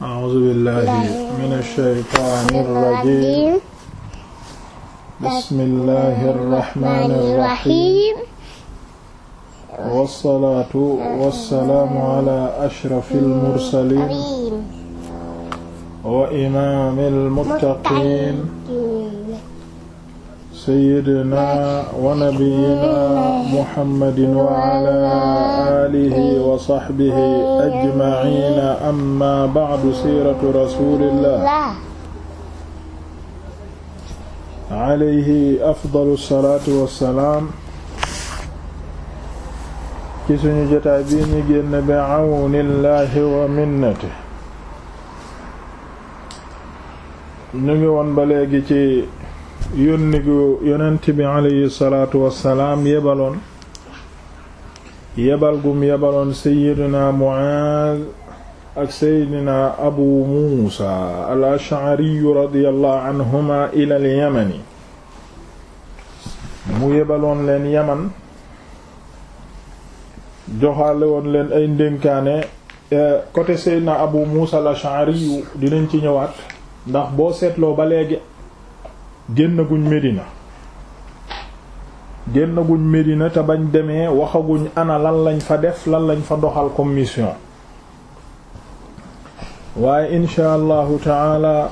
a'uuzu billaahi mina shaytaani rajiim bismillaahi rahmaani rahiim wassalaatu wassalaamu alaa ashrafil mursaliin wa imaamil muttaqiin sayyidina wa nabiyyina muhammadin wa ala alihi wa sahbihi ajma'ina amma ba'du siiratu rasulillah alayhi afdalu salaatu wa salaam ci suñu jotaay bi ñu génn bi awnillahi wa minnatihi ñu ngi woon ba léegi ci yónni yonent bi aleyhi salaatu wassalaam yebaloon yebal gum yebaloon seydina Muaaz ak seydina abu muusa al ashariyu radiyallahu anhuma ila al mu yebaloon leen yaman joxaale woon leen ay ndénkaane eh, côté seydina abu muusa al ashariyu dinañ ci ñëwaat ndax boo seetloo ba léegi génnaguñ Medina génnaguñ Medina te bañ demee waxaguñ ana lan lañ fa def lan lañ fa doxal comme mission waaye incha allahu taala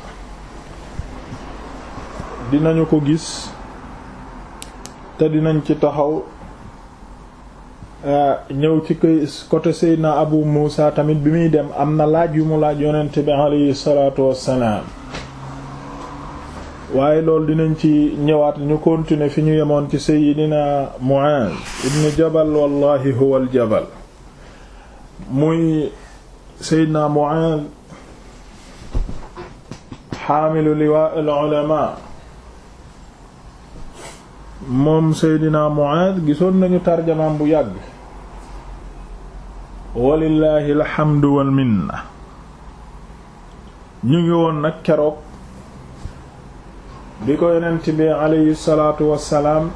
dinañu ko gis te dinañ ci taxaw euh, ñëw ci côté Seydina Abu Muusa tamit bi muy dem am na laaj yu mu laaj yonent bi alayhi salaatu wassalaam waaye loolu dinañ ci ñëwaat ñu continuer fi ñu yemoon ci seydina Muaaz ibn jabal wallahi huwa al jabal muy seydina Muaaz xaamilu liwaa al ulama moom seydina Muaaz gisoon nañu tarjamaam bu yàgg walillahi alhamdu wal minna ñu ngi woon nag keroog bi ko yonent bi aleyhi salaatu wassalaam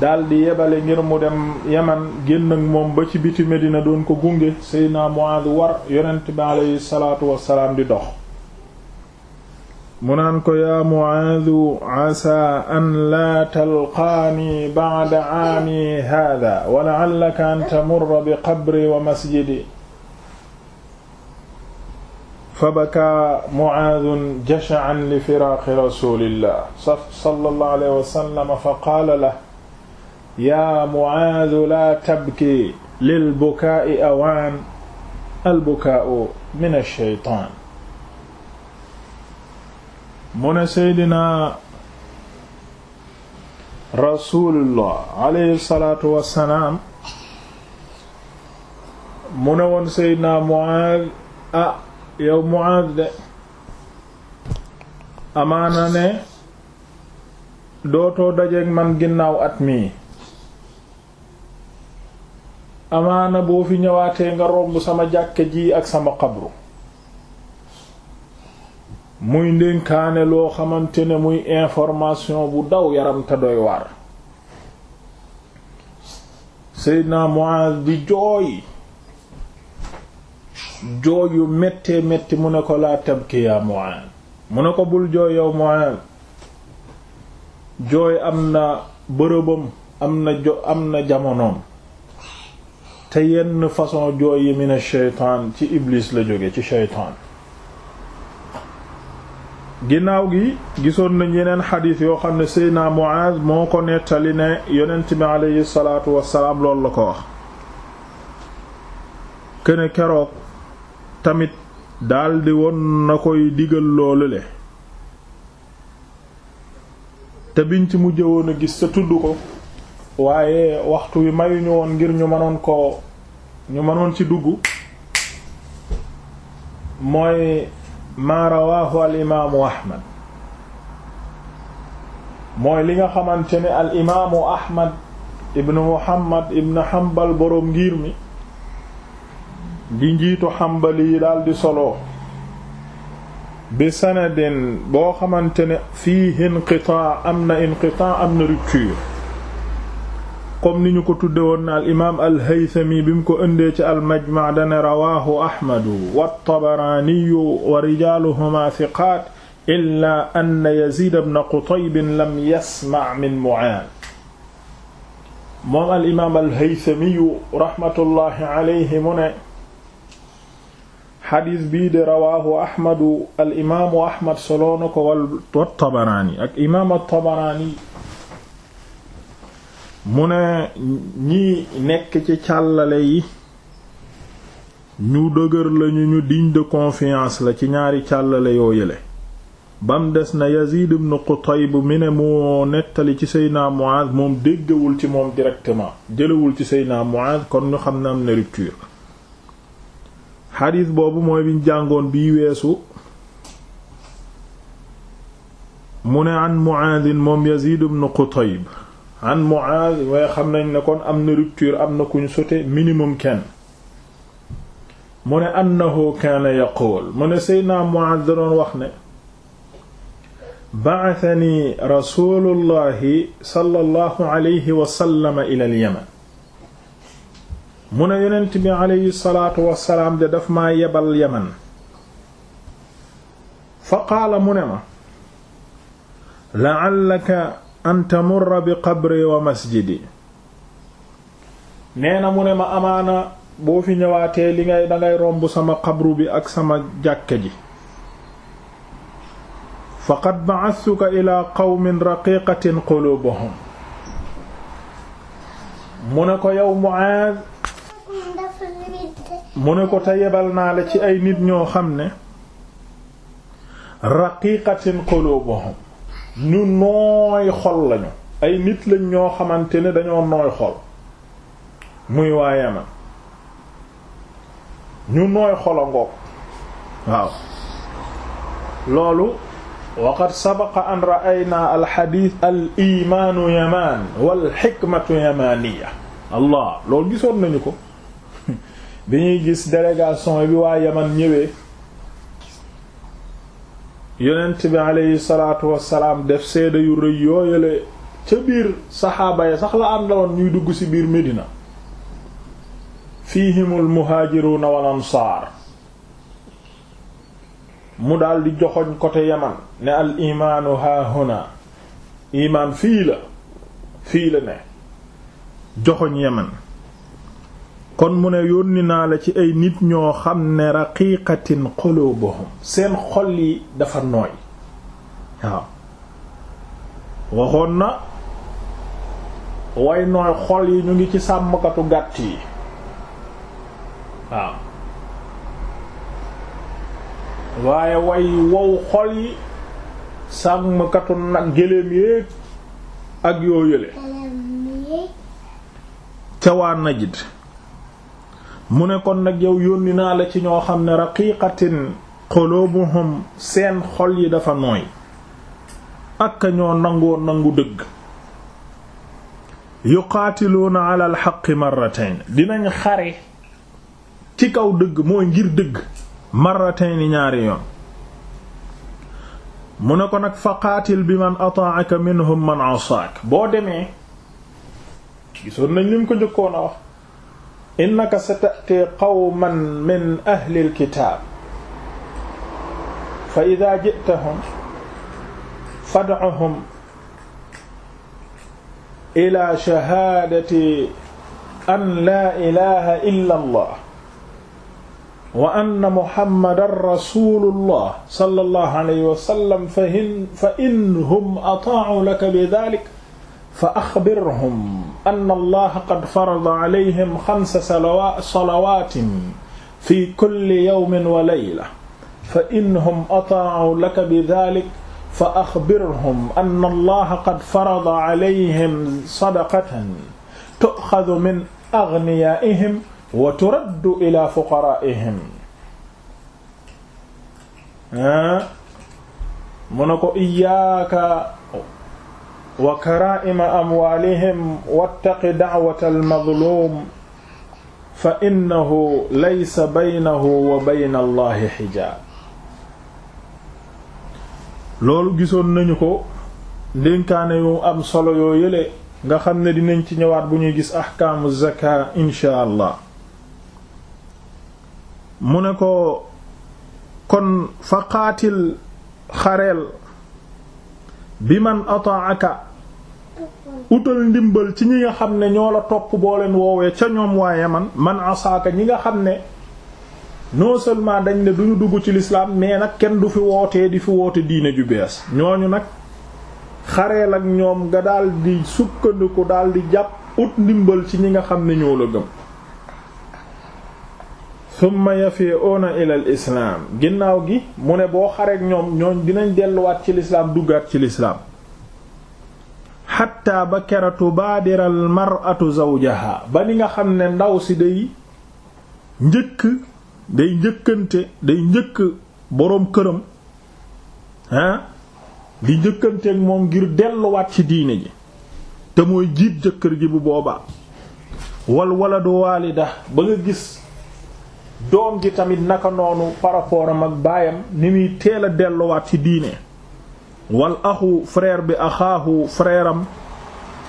daldi yebale ngir mu dem yaman génn moom ba ci biti Medina doon ko gunge Seydina Muaad war yonent bi salaatu wassalaam di dox mu naan ko yaa Muaadu asaa an laa talqaani ba'da aami haada wa an tamurra bi qabri wa masjidi fabakaa Mucaadun jasha'an li firaaqi rasuulillah sallallahu alayhi wa sallam fa qaala lahu yaa Mucaadu laa tabkii lil bukaa'i awaan albukaa'u mina shaytaan. mu ne Seydina rasuulullah alayhi salaatu wa salaam mu ne woon Seydina Mucaad ah. yow Muaaz de amaana ne dootoo dajeeg man ginnaaw at mii amaana boo fi ñëwaatee nga romb sama jàkke ji ak sama xabru muy ndénkaane loo xamante ne muy information bu daw yaram te doy waar Seydina Muaaz di jooy jooy yu méttee métti mu ne ko laa tabki yaa Mu'aaz mu ne ko bul jooy yow Mu'aaz jooy am na bërëbam am na jo am na jamonoom te yenn façon jooy yi mina sheytaan ci iblis la jóge ci sheytaan ginnaaw gi gisoon nañ yeneen xadiis yoo xam ne Seydina Mu'aaz moo ko nettali ne yonent bi aleyhi salaatu wassalaam loolu la ko wax këne keroog tamit daldi woon na koy digal loolu le te biñ ci mujj woon a gis sa tudd ko waaye waxtu wi mayuñu woon ngir ñu mënoon ko ñu mënoon ci dugg mooy maa rawaahu al ahmad mooy li nga xamante ne al imaamu ahmad ibnu muhammad ibnu hanbal boroom ngir mi di njiitu xambali yi daldi solo bi sanadin boo xamante ne fiihi inqitaa am na inqitaa am na rupture comme ni ñu ko tudde woon na al imaam al haythami bi mu ko indee ci al majma' dane rawaahu ahmadu wa tabaraaniyu wa rijaaluhumaa thiqaat illaa anna yaziid ibn lam yasma' min mu'aaz moom al imaam al haythami rahmatullahi alayhi mu ne xadis bii de rawaahu ahmadu al imaamu ahmad soloo na ko wal tabaraani ak imaam at-tabaraani mu ne ñi nekk ci càllale yi ñu dëgër lañu ñu digne de confiance la ci ñaari càllale yoo yële bam des na Yazid ibn Qutayb mi ne moo nettali ci Seydina Muaaz moom déggawul ci moom directement jëlawul ci Seydina Muaaz kon ñu xam ne am na rupture xadiis boobu mooy biñ jàngoon bi weesu mu ne an Muaaz moom Yaziid ibn Qutayb an Muaaz waaye xam nañ ne kon am na rupture am na kuñ sote minimum kenn mu ne annahu kaana yaquul mu ne Seydina Muaaz da doon wax ne ba'athani rasuulullahi s alayhi wa sallam ila al-Yaman mu ne yonent bi aleyhi salaatu wassalaam de dafa ma yebal yaman fa qaala mu ne ma la'allaka an tamurra bi qabri wa masjidi nee na mu ne ma amaana boo fi ñëwaatee li ngay dangay romb sama xabru bi ak sama jàkka ji faqad ba'athuka ila qawmin raqiqatin qulubuhum mu ne ko yow Mu'aaz mu ne ko te yebal naa la ci ay nit ñoo xam ne raqiqatin qulubuhum ñu nooy xol lañu ay nit lañ ñoo xamante ne dañoo nooy xol muy waa Yaman ñu nooy xola ngoog waaw loolu waqad sabaqa an ra'aynaa alxadiis al imaanu yamaan wal xikmatu yamaaniya allah loolu gisoon nañu ko bi ñuy gis délégation bi waa yaman ñëwee yonent bi aleyhi wassalaam def seede yu rëy yooyale ca biir saxaaba ya sax la àndaloon ñuy dugg ci biir Medina fiihimul muhaajiruuna wal ansaar mu daldi joxoñ côté yaman ne al imaanu haa huna fii la fii la ne joxoñ yaman kon mu ne yónni naa la ci ay nit ñoo xam ne raqiqatin qulubuhum seen xol yi dafa nooy waaw waxoon na way nooy xol yi ñu ngi ci sàmm sàmmkatu gàtt yi waaw waaye way wow xol yi sàmmkatu nag géléem yéeg ak yoo yële ca waa Najd mu ne kon nag yow yónni naa la ci ñoo xam ne raqiqatin qulubuhum seen xol yi dafa nooy ak ñoo nangoo nangu dëgg yuqaatiluuna ala alxaqi marratayn dinañ xare ci kaw dëgg mooy ngir dëgg marratayn ñaari yoon mu ne ko nag fa qaatil bi man ataaka minhum man asaak boo demee gisoon nañ lim ko jëkkoon a wax innaka sata'ti qawman min ahli alkitaab fa idaa ji'tahum fad'uhum ilaa shahaadati an laa ilaaha illa allah wa anna muhammadan rasuulullah sallallahu alayhi wa sallam fa inhum ataa'u laka bidhaalika fa axbirhum anna allaha qad farada alayhim xamsa salawaatin fi kulli yawmin wa layla fa innahum ataa'u laka bidhaalika fa axbirhum anna allaha qad farada alayhim sadaqatan tu'xazu min aghniyaa'ihim wa turaddu ilaa fuqaraa'ihim mu ne ko iyyaaka wa karaa'ima amwaalihim wattaqi da'wata al fa innahu laysa baynahu wa bayna Allahi xijaab loolu gisoon nañu ko ndénkaane yu am solo yoo yële nga xam ne dinañ ci ñëwaat bu ñuy gis axkaamu zakaa inshaa Allah mu ne ko kon fa qaatil xareel bi man ataaka utal ndimbal ci ñi nga xam ne ñoo la topp boo leen woowee ca ñoom waaye man man asaaka ñi nga xam ne noo seulement dañ ne duñu dugg ci lislaam mais nag kenn du fi wootee di fi woote diine ju bees ñooñu nag xare ak ñoom nga daal di sukkandiku daal di jàpp ut ndimbal ci ñi nga xam ne ñoo la gëm thumma yafi'una ila al islaam ginnaaw gi mu ne boo xareek ñoom ñooñ dinañ delluwaat ci lislaam duggaat ci lislaam xatta ba kera tubaadira al mar'atu zawjaha ba ni nga xam ne ndaw si day njëkk day njëkkante day njëkk boroom këram ah di njëkkanteek moom ngir delluwaat ci diine ji te mooy jiit jëkkër ji bu boobaa wal waladu ba nga gis doom ji tamit naka noonu par am ak baayam ni muy teel a delluwaat ci diine wal axu frère bi axaahu frère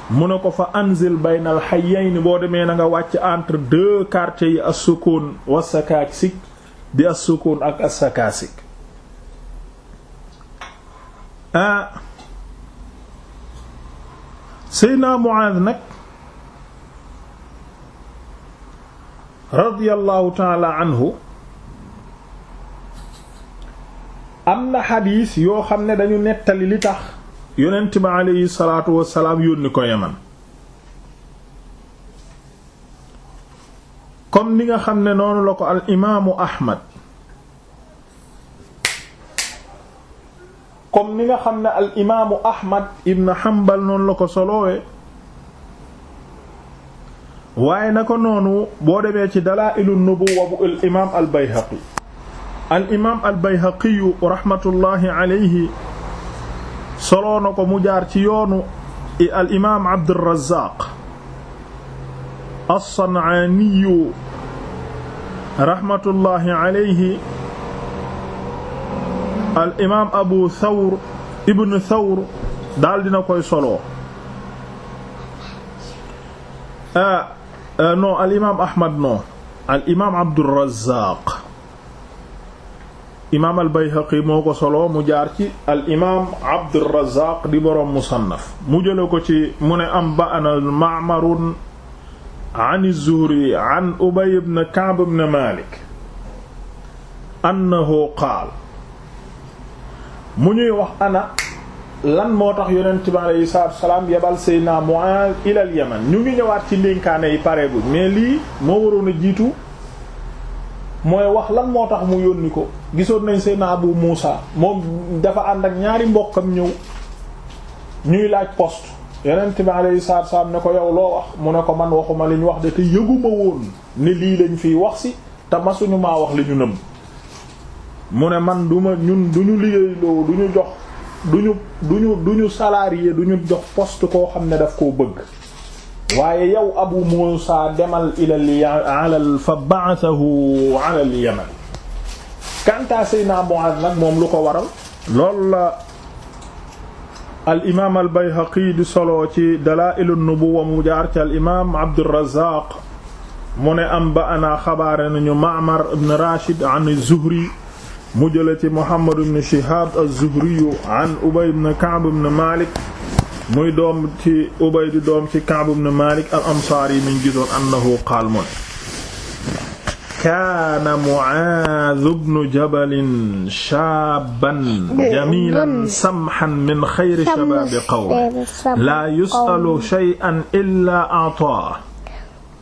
mu ne ko fa anzil baynal hayyayn boo demee na nga wàcc entre deux quartiers yi as-sukun di as ak as-sakasik ah Seydina nag radiyallahu taala anhu am na xadiis yoo xam ne dañu nettali li tax yonent bi aleyhi salaatu wasalaam yónni ko Yaman comme ni nga xam ne noonu la ko al imaamu Ahmad comme ni nga xam ne al imaamu Ahmad ibn Hanbal noonu la ko solowee waaye ko noonu boo demee ci dalaa'ilu nubuwwa bu al imaam al bayhaqi al imaam al bayhaqi rahmatullahi alayhi soloo na ko mu jaar ci yoonu al imaam Abdurrazaaq as-San'aaniyu rahmatullahi alayhi al imaam Abu Thawr ibn Thawr daal dina koy solo ah Euh, non al imaam Ahmad non al imaam Abdurrazzaq imaam al Bayhaqi moo ko solo mu jaar ci al imaam Abdurrazzaq di boroom musannaf mu jële ko ci mu ne am ba ana Ma'marun an az-Zuhri an Ubay ibn Ka'b ibn Malik annahu qaal mu ñuy wax ana lan moo tax yonent bi aleyhi salaatu salaam yebal Seydina Mu'aaz ilal Yaman ñu ngi ñëwaat ci ndénkaane yi pareegul mais lii moo waroon a jiitu mooy wax lan moo tax mu yónni ko gisoon nañ Seydina bu Muusa moom dafa ànd ak ñaari am ñëw ñuy laaj poste yonent bi aleyhi salaatu salaam ne ko yow loo wax mu ne ko man waxuma li ñu wax de te yëguma woon ne lii lañ fiy wax si te masuñu maa wax li ñu mu ne man duma ñun duñu liggéey loo duñu jox duñu duñu duñu salarié duñu jox post koo xam ne daf koo bëgg waaye yow Abu Muusa demal ilal fa ba'athahu ala al-Yaman kanta Seydina Mu'aaz nag moom lu ko waral loolu la al imaam al Bayhaqi di solo ci Dalaa'il an-Nubuwwa mu jaar ci al imaam Abdurrazaaq mu ne am ba ana xabaare nañu Ma'mar ibn Rashid an az-Zuhri mu jële ci Muhammad ibn Shihab az-Zuhri an Ubay ibn Ka'b ibn Malik muy doom ci Ubay di doom ci Ka'b ibn Malik al-Ansaari min gisoon annahu qaal mu ne kaana Mu'aaz ibn Jabal shaaban jamiilan samhan min xayri shabaabi qawmihi laa yus'alu shay'an illaa a'taahu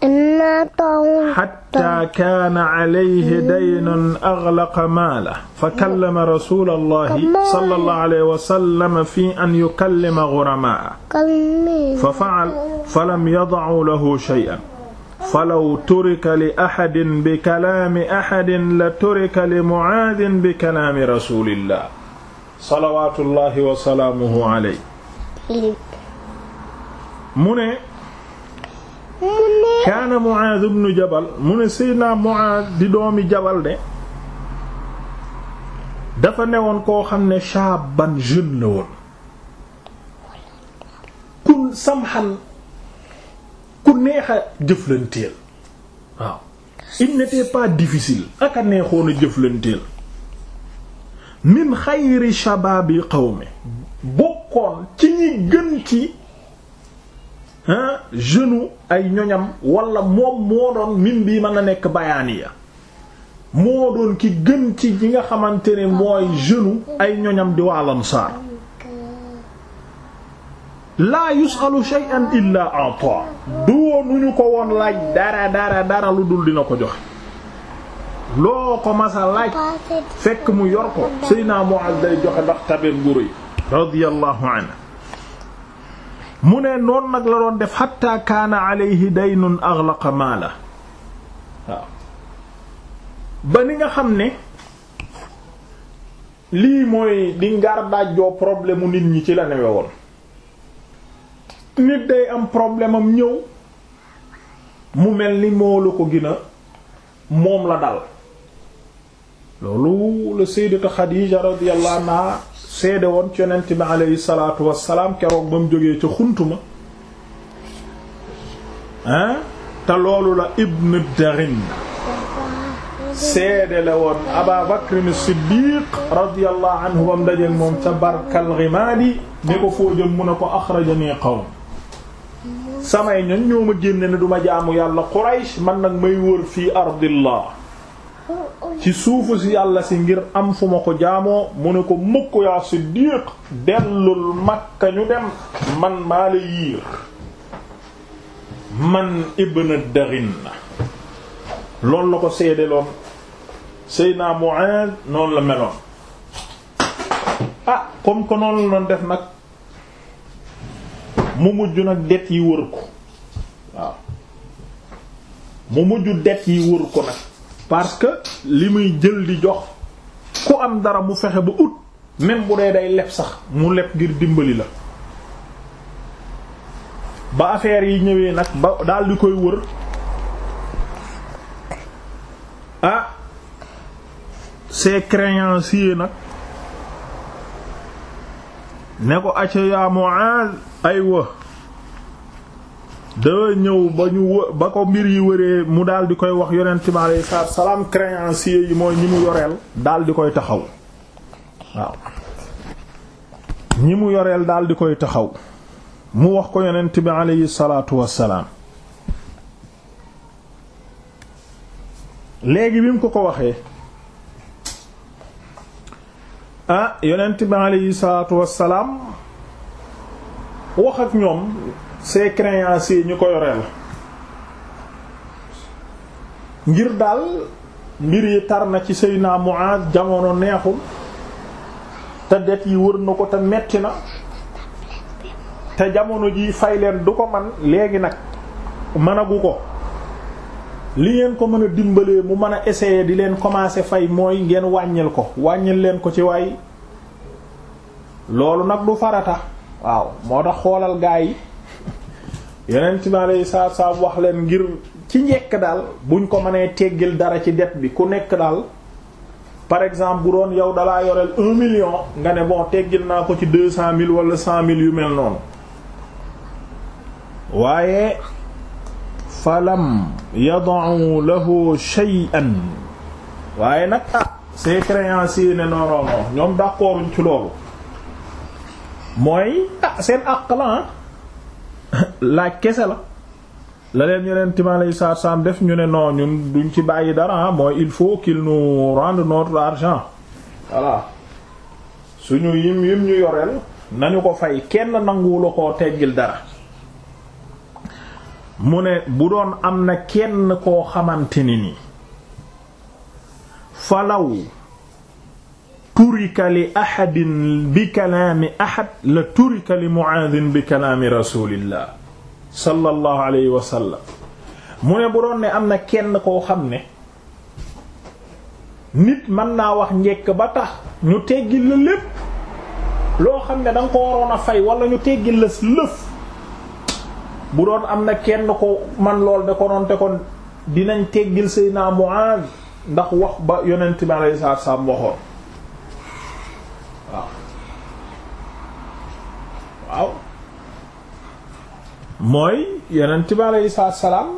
xatta kaana alayhi daynun aglaqa maala fa kallama rasula allahi sala allah alayhi wasallam fi an yukallima guramaa fa faal fa lam yadacuu lahu cheyan falaw turika li axadin bi kalaami axadin la turika li mucaadin bi kalaami rasulillah salawaatu llahi wa salaamuhu alayhi mu ne kaana Muaaz ibnu Jabal mu ne Seydina Muaaz di doomi Jabal de dafa newoon koo xam ne shaaban jeune la woon kun samxan ku neex a jëflanteel waaw il n'était pas difficile ak a neexoon a jëflanteel min xayri shabaabi qawmi bokkoon ci ñi gën ci genou ay ñoñam wala moom moo doon min bii mën na nekk bayaaniya moo doon ki gën ci yi nga xamante ne mooy genou ay ñoñam di waa lansaar laa yusalu shay'an illa ata du woonu ñu ko woon laaj dara dara dara lu dul dina ko joxe loo ko masa laaj fekk mu yor ko Seydina Muaz joxe ndax tabeem guru yi radiyallahu anhu mu ne noon nag la doon def xatta kaana alayhi daynun aghlaqa maala ba ni nga xam ne lii mooy di ngar daajjoo problème nit ñi ci la newe woon nit day am problème am ñëw mu mel ni moo la ko gën moom la daal loolu la sayyidatu Xadiija radiyallahu anha seede woon ci yonent bi aleyhi salaatu wassalaam keroog ba mu jógee ca xuntu ma ah te loolu la ibn darin seede la woon aba bakrin siddiq radiyallahu anhu bam dajeel moom ca barkal rimaadi ne ko foo jëm mu ne ko axrajani qawm samay ñoñ ñoo ma génne ne duma jaamu yàlla quraysh man nag may wër fii ardillah ci suufu si yàlla si ngir am fu ma ko jaamoo mu ne ko mukk yaa Siddiq dellul Makka ñu dem man maa la yiir man ibn Darin loolu la ko seedeloon naa Mu'aaz noonu la meloon ah comme que noonu la doon def nag mu mujj nag det yi wër ko waaw mu mujj det yi wër ko nag parce que li muy jël di jox ku am dara mu fexe ba ut même bu dee day leb sax mu leb ngir dimbali la ba affaire yi ñëwee nag ba daal di koy wër ah ces créanciers nag ne ko acca yaa ay aywa da ñëw ba ñu wë ba ko mbir yi wëree mu daldi koy wax yonent bi alayhi salaatu salaam créancier yi mooy ñi mu yoreel daal koy taxaw waaw ñi mu yoreel daal koy taxaw mu wax ko yonent bi alayhi salaatu wassalaam léegi bi ko ko waxee ah yonent bi alayhi salaatu wassalaam wax ak ñoom ses créanciers ñu ko yoreel ngir daal mbir yi tar na ci Seydina Muaaz jamono neexul te det yi wër na ko te metti na te jamono ji fay leen du ko man léegi nag mënagu ko li ngeen ko mën a dimbalee mu mën a essayer di leen commencer fay mooy ngeen wàññil ko wàññil leen ko ci waay loolu nag du farata waaw moo tax xoolal gaa yi yeneen mi aleyhi salaatu salaam wax leen ngir ci njekk daal buñ ko mënee teggil dara ci det bi ku nekk daal par exemple bu doon yow dalaa yoreel million nga ne bon teggil naa ko ci deux cent mille wala cent mille yu mel noonu waaye falam yada'u lahu shay'an waaye nag ah ses créanciers ne non non ñoom d'accorduñ ci loolu mooy ah seen àq la ah. laaj kese la la leen yeneen timalay saar saam def ñu ne non ñun duñ ci bàyyi dara ah, mooy il faut qu'il nu rende notre argent voilà suñu yim yim ñu yoreel nañu ko fay kenn nanguwula koo teggil dara mu ne bu doon am na kenn koo xamante ni nii falaw turika li ahadin bi kalaami ahad la turika li muaadin bi kalaami rasulillah sallallahu alayhi wa sallam mu ne bu doon ne am na kenn koo xam ne nit mën naa wax njekk ba tax ñu teggil la lépp loo xam ne danga ko waroon a fay wala ñu teggil la lëf bu doon am na kenn ko man lool da ko doon te kon dinañ teggil sëy naa Muaaz ndax wax ba yonent bi alayhi salaam waxoon waaw waaw mooy yonent bi aleyhi salaam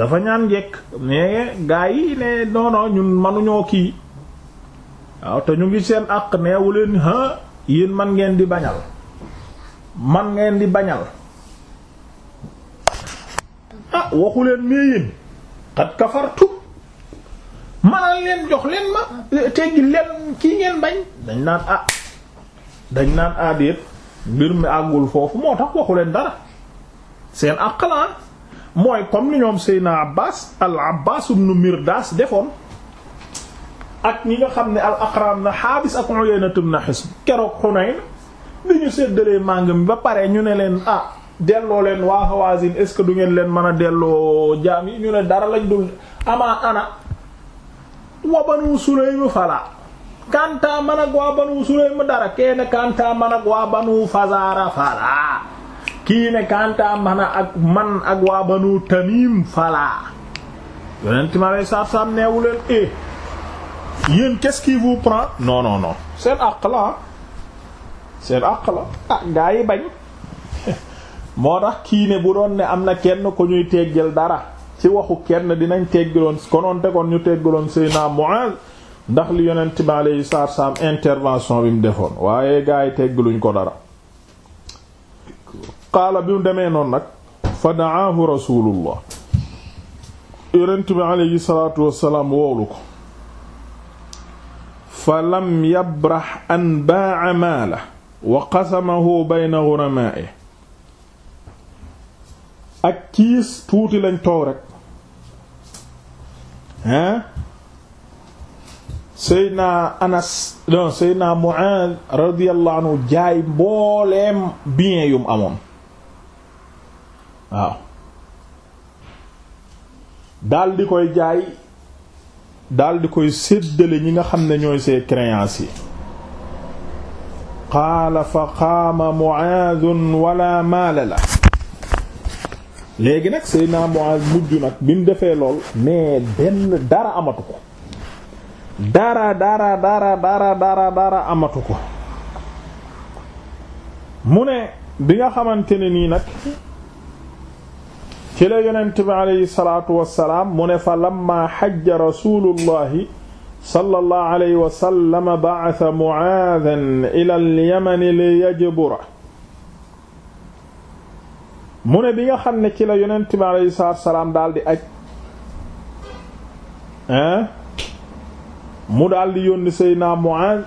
dafa ñaan njekk mais gaa yi ne non non ñun manuñoo kii waaw te ñu ngi seen àq neewu leen ha yéen man ngeen di bañal man ngeen di bañal ah waxu leen mais yéen xat kafartu manal leen jox leen ma teggi leen kii ngeen bañ dañ naan ah dañ naan ah mbir mi àggul foofu moo tax waxu leen dara seen aqlan ah. mooy comme ni ñoom Seyna Abbas al Abbas ibn Mirdas defoon ak ñi nga xam ne al Aqram na Habis ak Uyayna ibn Hisn keroog Hunayn bi ñu séddalee màng mi ba pare ñu ne leen ah delloo leen waa Hawazin est ce que du ngeen leen mën a delloo jaam yi ñu ne dara lañ dul ama ana wa Banu Sulaym fala kanta man ak waa Banu Sulaym dara kee ne man ak waa Banu Fazara fala kii ne man ak man ak waa Banu Tamim fala yonent ma lay saab neewu leen eh yéen qu'est-ce qui vous seen àq la ah. seen àq la ah gaa bañ moo tax kii bu doon ne am na kenn ko ñuy teggal dara ci waxu kenn dinañ teggiloon konoon tegoon ñu teggiloon Seydina Muaz ndax li yonent bi alayhi salaatu intervention bi mu defoon waaye gaa yi teggiluñ ko dara qaala bi demee noonu nag fa da'aahu rasulullah yonent bi alayhi woolu ko fa lam yabrax an baa'a maalahu wa qasamahu bayna ghurama'ihi ak ciis tuuti lañ toog rek hein seydna anas non seydna Mu'aaz radiyallahu anhu jaay mbooleem bien yum amoon waaw daal koy jaay daldi koy séddale ñi nga xam ne ñooy ses créances yi qaala fa qaama Mu'aaz wala maala la léegi nag Seydina Muaz mujj nag bi mu defee lool mais benn dara amatu ko dara dara dara dara dara dara amatu ko mu ne bi nga xamante ne nii nag ci la yonent bi aleyhi salaatu wassalaam mu ne fa lamma xajja rasulullahi sallallahu alayhi wa sallam ba'atha Mu'aadhan ila al-Yaman li yajbura mu ne bi nga xam ne ci la yonent bi aleyhi salaatu salaam daal di ak hein mu daal di yónni naa Mu'aaz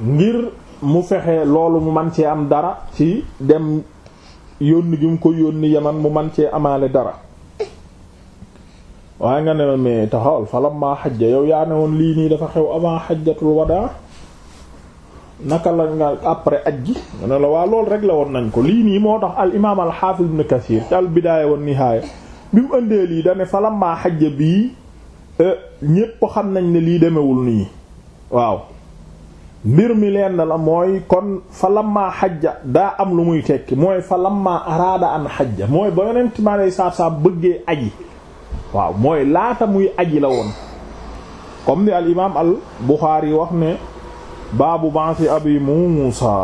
ngir mu fexe loolu mu man cee am dara ci dem yónni gi mu ko yónni Yaman mu man cee amaale dara waaye nga ne mais taxawal falam maa xaj yow yaa ne woon lii nii dafa xew avant xajjatul wadaa naka la nga après aj gi ne la waa loolu rek la woon nañ ko lii nii moo tax al imaam al xaafiz ibn Kasiir ci al bidaaya wan nihaaya bi ëndee lii dane falammaa xajja bii e, ñépp xam nañ ne lii demewul nii waaw mbir mi leen la mooy kon falammaa xajja daa am lu muy tekki mooy falammaa araada an xajja mooy ba yonent mi alayhi salaatu salaam bëggee aji waaw mooy laata muy aji la woon comme ni al al Buxaari wax ne baabu bansi abi muusa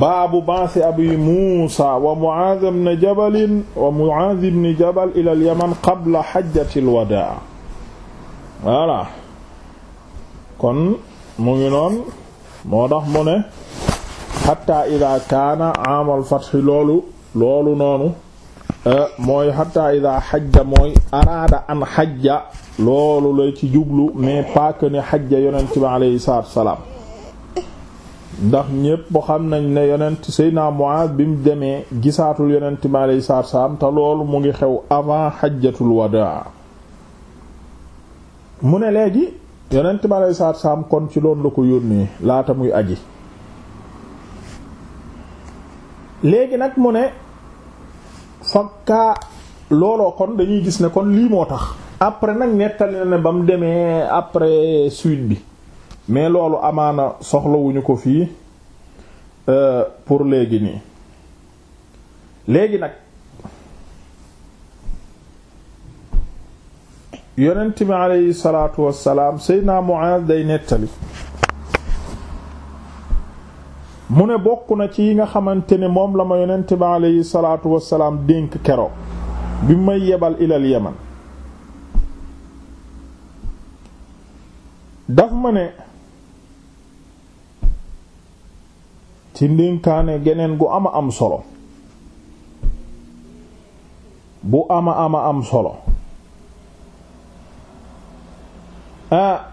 baabu bansi abi muusa wa muaaz ibn jabalin wa muaaz ibn jabal ila al yaman qabla xajjati al wadaa voilà kon mu ngi noon moo tax mu ne xatta ida kaana amal fatxi loolu loolu noonu eh, mooy xatta ida xajja mooy araada an xajja loolu la ci jublu mais pas ni ne xajja yonent bi aleyhi salaatu salaam ndax ñépp xam nañ ne yonent Seydina Muaaz bi mu demee gisaatul yonent bi aleyhi salaatu salaam te loolu mu ngi xew avant xajjatul wadaa mu ne léegi yonent bi aleyhi salaatu salaam kon ci loolu la ko yónnee laata muy aji léegi nag mu ne fakkaa looloo kon dañuy gis ne kon lii moo tax après nag nettali na ne ba mu demee après suite bi mais loolu amaana soxlawuñu ko fii euh, pour léegi nii léegi nag yonent bi aleyhi salaatu wassalaam naa Muaaz day nettali mu ne bokk na ci yi nga xamante ne moom la ma yonent bi aleyhi salaatu wassalaam dénk keroog bi may yebal ilal yaman daf ma ne ci ndénkaane geneen gu ama am solo bu ama ama am solo ah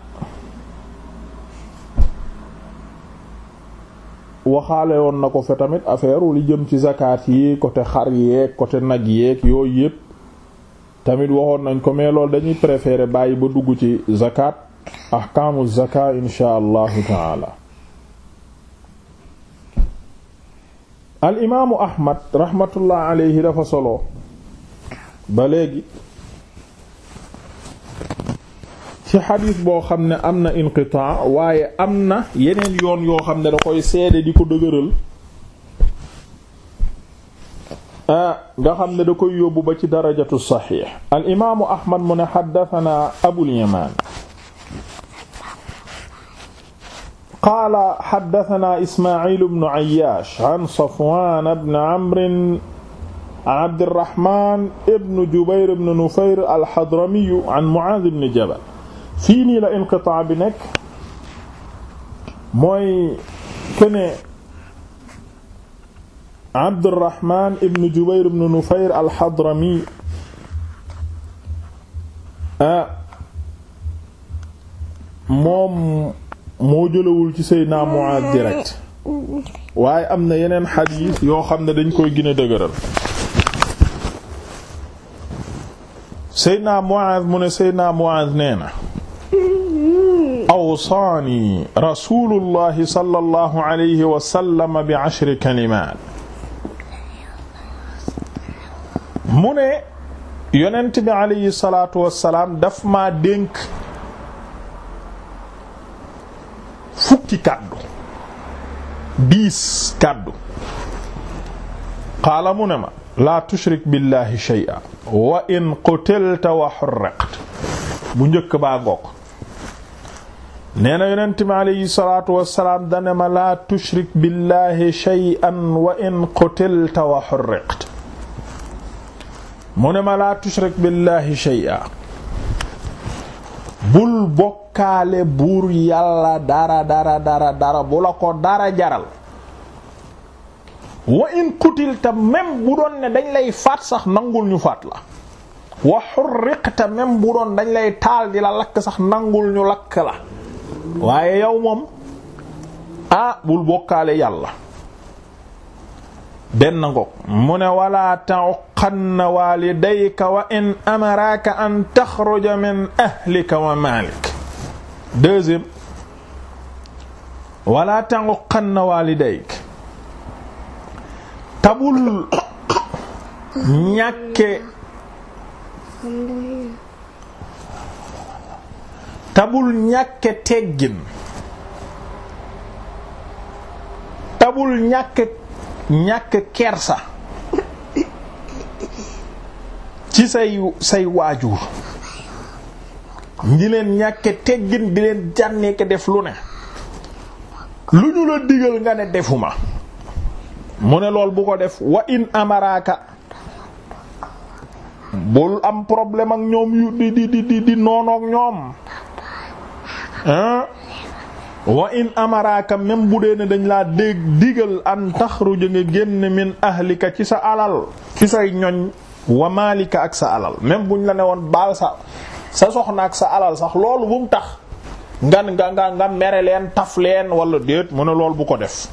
waxaale woon na ko fe tamit affaire li jëm ci zakat yi côté xar yeeg côté nag yeeg yooyu yépp tamit waxoon nañ ko mais loolu dañuy préférer bàyyi ba dugg ci zakat ahkaamu zaka insha allahu taala al imaamu ahmad rahmatullah alayhi dafa solo ba léegi ci xadiis boo xam ne am na inqitaa waaye am na yeneen yoon yoo xam ne da koy seede di ko dëgëral nga xam ne da koy yóbbu ba ci darajatu saxiix al imaamu ahmad mu ne xaddatanaa abul yamaan qaala xaddatanaa ismailu bnu ayaash an safwan bn amrin an abdirahman ibnu jubair bnu nufair alxadramiyu an muaaz bni jabal fii nii la inqitaa bi nekk mooy kene abdirahman ibnu jubair bnu nufair alxadrami ah, moom moo jëlawul ci Seydina Muaaz direct waaye am na yeneen xadiis yoo xam ne dañ koy gën a dëgëral Seydina Muaaz mu ne Seydina Muaaz na awsaani rasuulullahi sallallahu alayhi wa bi kalimaat mu ne yonent bi alayhi salaatu wa dénk fukki kàddu dix kàddu qaala mu ne ma laa tushrik billahi shay'a wa in qutilta wa hurriqta bu njëkk baa goog nee na yonent mi alayhi salaatu wassalaam dane ma laa tushrik billahi shay'an wa in qutilta wa hurriqta mu ne ma laa tushrik billahi shay'a bul bokkaale buur yàlla dara dara dara dara bu la ko dara jaral wa in qutilta même bu doon ne dañ lay faat sax nangul ñu faat la wa hurriqta même bu doon dañ lay taal di la lakk sax nangul ñu lakk la waaye yow moom ah bul bokkaale yàlla benn ngoog mu ne walaa ta'uqanna walidayka wa in amaraka an taxruja min ahlika wa maalik tabul ñàkke teggin ñàkk kersa ci say say waajur ñi leen ñàkke teggin di leen jànneeke def lu ne lu ñu la digal nga ne defuma mu ne lool bu ko def wa in amaraaka bul am problème ak ñoom di di di di noonook ñoom wa in amaraaka même bu dee dañ laa dég digal an taxruja nga génn min ahlika ci sa alal ci say ñoñ wa maalika ak sa alal même buñ la ne woon baal sa sa soxna ak sa alal sax loolu bu tax ngan mere leen taf leen wala déet mu lool bu ko def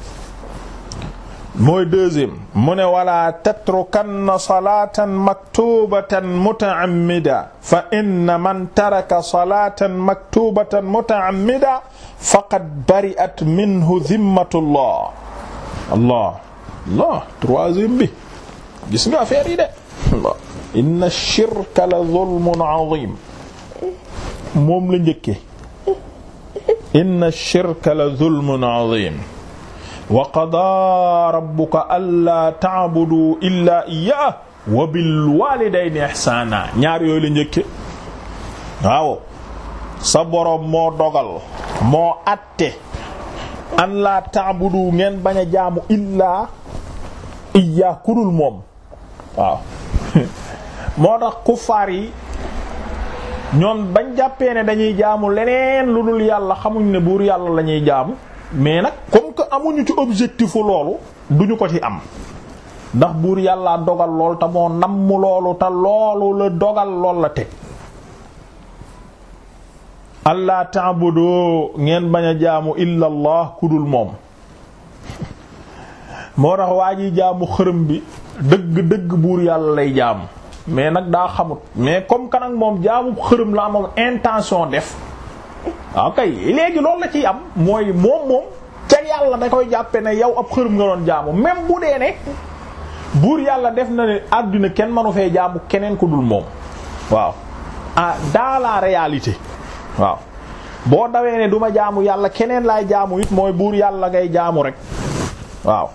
mooy deuxième mu ne wala tatrukanna salatan maktubatan muta'ammida fa inna man taraka salatan maktubatan muta'ammida faqad bari'at minhu dhimmatullah allah allah troisième bi gis nga affaire yi de allah inna shirka la zulmun azim moom la njëkke inna shirka la zulmun azim wa qadaa rabbuka allaa ta'budu illaa iyyaahu wa bil waalidayni ihsaana ñaar yooyu la njëkke waaw sa boroom moo dogal moo àtte an laa du ngeen bañ a jaamu illaa iyyaa kudul moom waaw moo tax kuffaar yi ñoom bañ jàppee ne dañuy jaamu leneen lu dul yàlla xamuñ ne buur yàlla lañuy ñuy jaamu mais nag comme ko amuñu ci objectifu loolu duñu ko ci am ndax buur yàlla dogal lool te moo namm loolu te loolu la dogal lool la teg allah ta'budu ngeen bañ a jaamu illa allah kudul moom moo tax waa ji jaamu xërëm bi dëgg-dëgg buur yàlla lay jaamu mais nag daa xamut mais comme kanak moom jaamu xërëm la moom intention def waaw ah, kay léegi loolu la ciy am mooy moom moom ca yàlla koy jàppe na yow ab xërëm nga doon jaamu même bu dee ne buur yàlla def na ne àdduna kenn manu fee jaamu keneen ku dul moom waaw ah dans la waaw boo dawee ne du ma jaamu yàlla keneen laay jaamu it mooy buur yàlla ngay jaamu rek waaw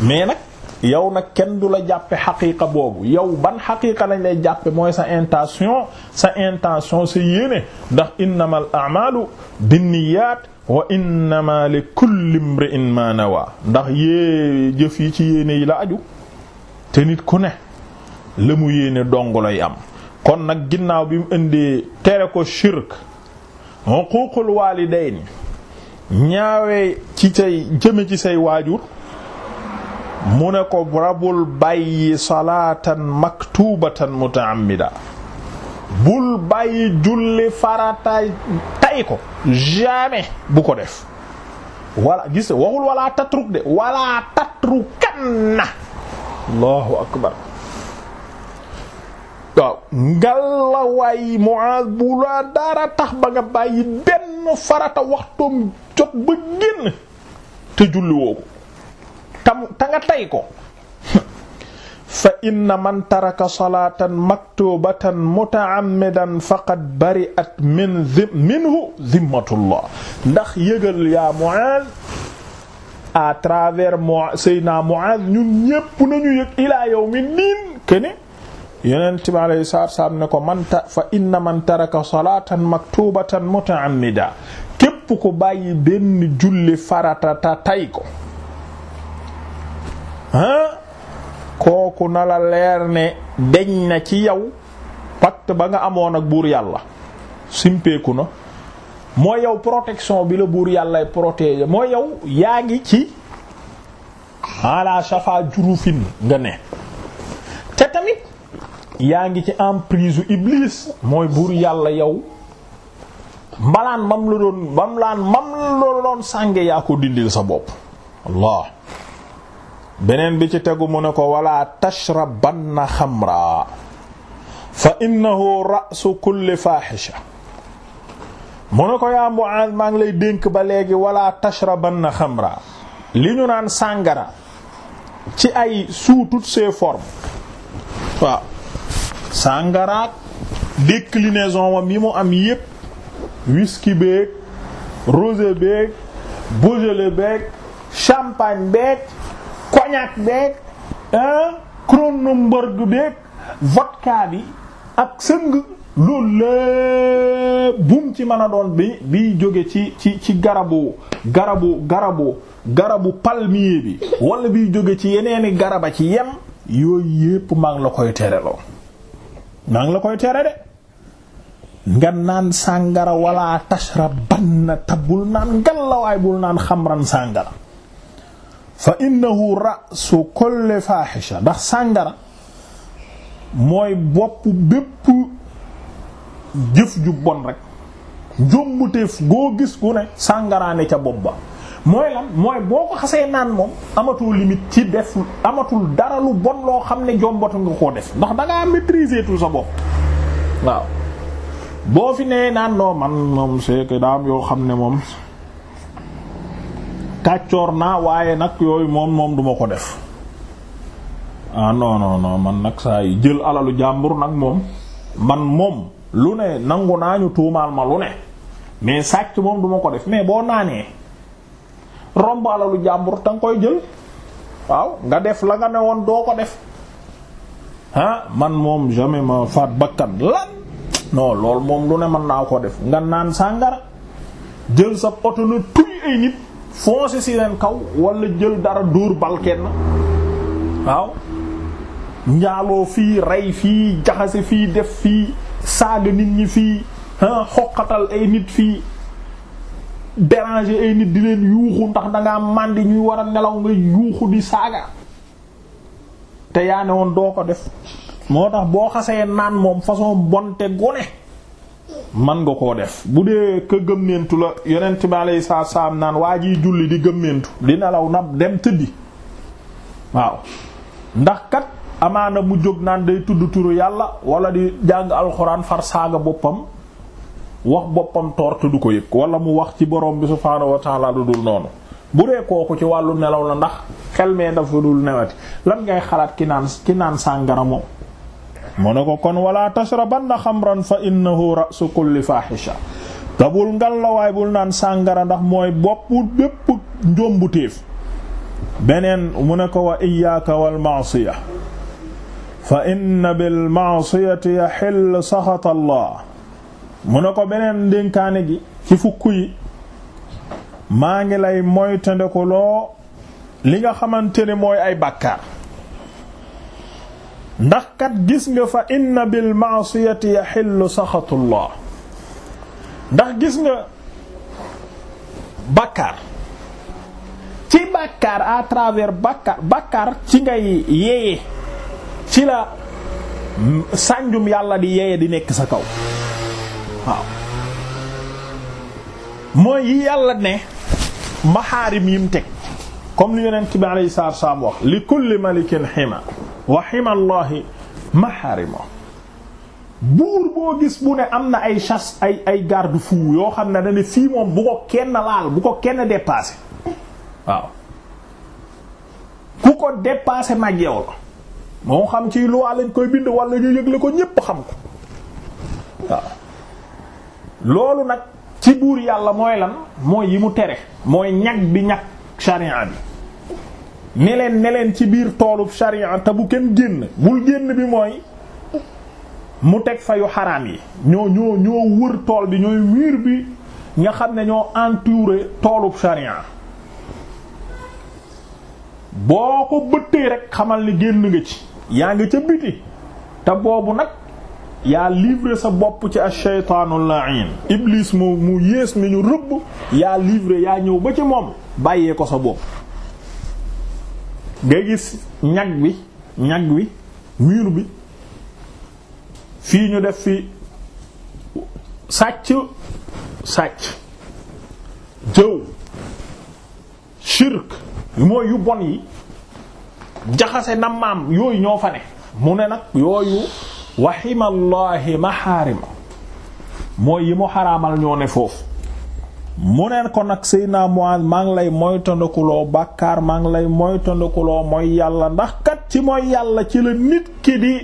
mais nag yow nag kenn du la jàppe xaqiiqa boobu yow ban xaqiiqa lañ lay jàppe mooy sa intention sa intention sa yéene ndax innamal a'malu binniyat wa innama li kulli imri'in ma nawa ndax yée jëf yi ci yéene yi la aju te nit ku ne la mu yéene dong lay am kon nag ginnaaw bi mu indee tere ko shirk huquuqul waalidayni ñaawee ci say ci say waajur mu ne ko rabul bàyyi salaatan maktubatan muta'ammida bul bàyyi julli farataay tay ko jamais bu ko def wala gis waxul wala tatruk de wala tatrukanna allahu akbar waaw ngalawaay tax ba nga bàyyi benn farata waxtoom jot ba ta nga tey ko fa inna man taraka salatan maktubatan mutaammidan faqad bari'at min minhu zimmatullah ndax yëgal yaa Muaz à travers mo Seydina Muaz ñun ñépp nañu yëg ilaa yawmi diin kene yeneen bi alayhi salaatu wassalaam ne ko man ta fa inna man taraka salaatan maktubatan muta'ammida ko bàyyi benn julli farata ta tay ko kooku nala la leer ne deñ na ci yow pacte ba nga amoon ak buur yàlla simpeku na mooy yow protection bi buur yàllay protéger mooy yow yaa ngi ci ala shafa jurufin nga ne yaa ngi ci emprise u iblis mooy buur yàlla yow mbalaan mam la doon mam laan doon sànge yaa ko dindil sa bopp allah beneen bi ci tegu mu ne ko wala tashrabanna xamra fa innahu ra'su kulli fahisha mu ne ko yaa Mu'aaz maa ngi lay dénk ba léegi wala tashrabanna xamra li ñu naan sàngara ci ay sous toutes ses formes waaw sàngaraak déclinaison wam yi mu am yépp whisky beeg rosé beeg beaujolais beeg champagne beeg cognac beeg ah Kronenbourg beeg vodka bi ak sëng loolu la bum ci mën a doon bi biy jóge ci ci ci garabu garabu garabu garabu palmier bi wala bi jóge ci yeneeni garaba ci yem yooyu yépp maa ngi la koy maa la koy tere de nga naan sàngara wala tashrabanna te bul naan ngallawaay bul naan xamran sàngara fa innahu ra'su kulli fahisha ndax sàngara mooy bopp bépp jëf ju bon rek njombuteef goo gis gu ne sàngaraane ca bopp ba mooy lan mooy boo ko xasee naan moom amatul limit ci def amatul dara lu bon loo xam ne jombatu nga koo def ndax da ngaa maîtriser sa bopp waaw boo fi nee naan man moom c'est que daam yoo xam ne moom kàccoor naa waaye nag yooyu moom moom duma ko def ah non man nag saa yi jël alalu jàmbur nag moom man moom lu ne nangu naa ñu tuumaal ma lu ne mais sàcc moom duma ko def mais boo naanee. romb jàmbur te koy jël waaw nga def la nga ne woon doo ko def ah man moom jamais ma faat bakkan lan non loolu moom lu ne mën naa ko def nga naan sàngara jël sa oto na tuy ay nit foncer ci leen kaw wala jël dara dóor bal kenn waaw njaaloo fii rey fii jaxase fii def fii saaga nit ñi fii xoqatal ay nit fii déranger ay nit di leen yuuxu ndax dangaa màndi ñuy war a nelaw nga yuuxu di saaga te yaa ne woon doo ko def moo tax boo xasee naan moom façon bonte gone man nga koo def bu dee ka gëmmentu la yonent bi alayhi salaatu naan waa ji julli di gëmmentu di nelaw na dem tëddi waaw ndax kat amaana mu jóg naan day tudd turu yàlla wala di jàng alxuraan far saaga boppam wax boppam torte du ko yëg wala mu wax ci borom bi subhaanahu wa taala lu dul noonu bu dee kooku ci wàllu nelaw la ndax xel mee dafa dul newati lan ngay xalaat ki naan ki naan sàngara moom mu ne ko kon wala tashrabanna xamran fa innahu ra'su kulli faahisha te bul ngalawaay bul naan sàngara ndax mooy bopp bépp njombuteef beneen mu ne ko wa iyyaka wal ma'siya fa inna bil ma'siyati yahill saxata Allah mu ne ko beneen ndénkaane gi ci fukk yi maa ngi lay moytandikuloo li nga xamante ne mooy ay bàkkaar ndax kat gis nga fa inna bil ma'siyati yaxillu saxatullah ndax gis nga bàkkaar ci bàkkaar à travers bàkkaar bàkkaar ci ngay yeeye ci la sànjum yàlla di yeeye di nekk sa kaw waaw mooy yi yàlla ne maxaarim yim teg comme li yonent bi alayhi salaatu salaam wax li kulli malikin xima wa xima allahi maxaarimo buur boo gis bu ne am na ay chasse ay ay garde-fou yoo xam ne dane fii moom bu ko kenn laal bu ko kenn dépassé waaw ku ko dépassé mag la moo xam ci loi lañ koy bind walla ñu yëgle ko ñépp xam ko waaw loolu nag ci buur yàlla mooy lan mooy yi mu tere mooy ñag bi ñag sharia bi ne leen ne leen ci biir toolub sharia te bu kenn génn bul génn bi mooy mu teg fa yu xaraam yi ñoo ñoo ñoo wër tool bi ñooy miir bi nga xam ne ñoo entouré toolub sharia boo ko bëttee rek xamal ni génn nga ci yaa ngi ca biti te boobu nag yaa livré sa bopp ci ash-shaytaanul la'iin iblis mu mu yées mi ñu rëbb yaa livré yaa ñëw ba ci moom bàyyee ko sa bopp nga gis ñag bi ñag wi miir bi fii ñu def fi sàcc sàcc jëw shirk mooy yu bon yi jaxase na maam yooyu ñoo fa ne mu ne nag yooyu waximallahi maxaarima mooy yi mu xaraamal ñoo ne foofu mu neen ko nag Seydina Muaz maa ngi lay moytandikuloo bàkkaar maa ngi lay moytandikuloo mooy yàlla ndax kat ci mooy yàlla ci la nit ki di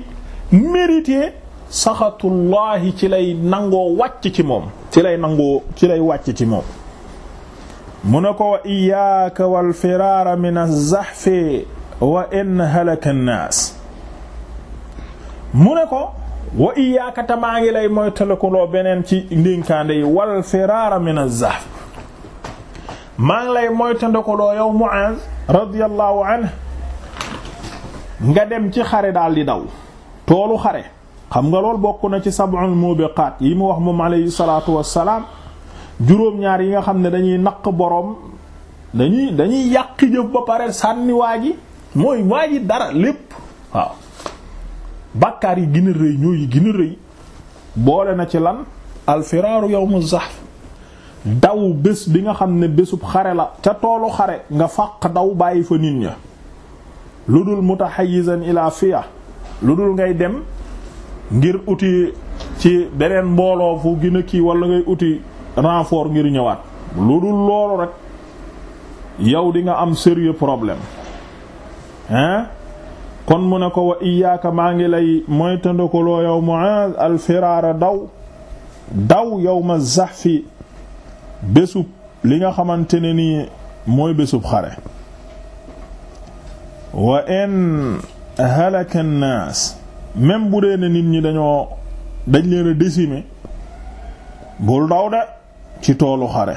mérité saxatullaahi ci lay nangoo wàcc ci moom ci lay nangoo ci lay wàcc ci mu ne ko wa iyaaka wal firaara min az-zahfi wa in halaka naas mu ne ko wa iyyaka maa ngi lay mooy beneen ci ndénkaande yi wal firaara min az maa ngi lay mooy tëlëkuloo yow Mu'az radiyallahu anhu nga dem ci xare daal di daw toolu xare xam nga lool bokk na ci sab'ul mubiqaat yi mu wax moom alayhi salaatu wassalaam juróom-ñaar yi nga xam ne dañuy naq boroom dañuy dañuy yàq jëf ba pare sànni waa ji mooy waa ji dara lépp bakkaar yi gën a rëy ñooy gën a rëy boole na ci lan alfiraaru yawmu zahf daw bés bi nga xam ne bésub xare la ca toolu xare nga fàq daw bàyyi fa nit ña lu dul mutahayyizan ila fiya lu dul ngay dem ngir uti ci beneen mbooloo fu gën kii walla ngay uti renfort ngir ñëwaat lu dul loolu rek yow di nga am sérieux problème hein kon mu ne ko wa iyaaka maa ngi lay mooy tëndakaloo yow Mu'aaz alfiraara daw daw yawma zahfi bésub li nga xamante ne nii mooy bésub xare wa in halaka an-naas même bu dee nit ñi dañoo dañ leen a décimer bul daw de ci toolu xare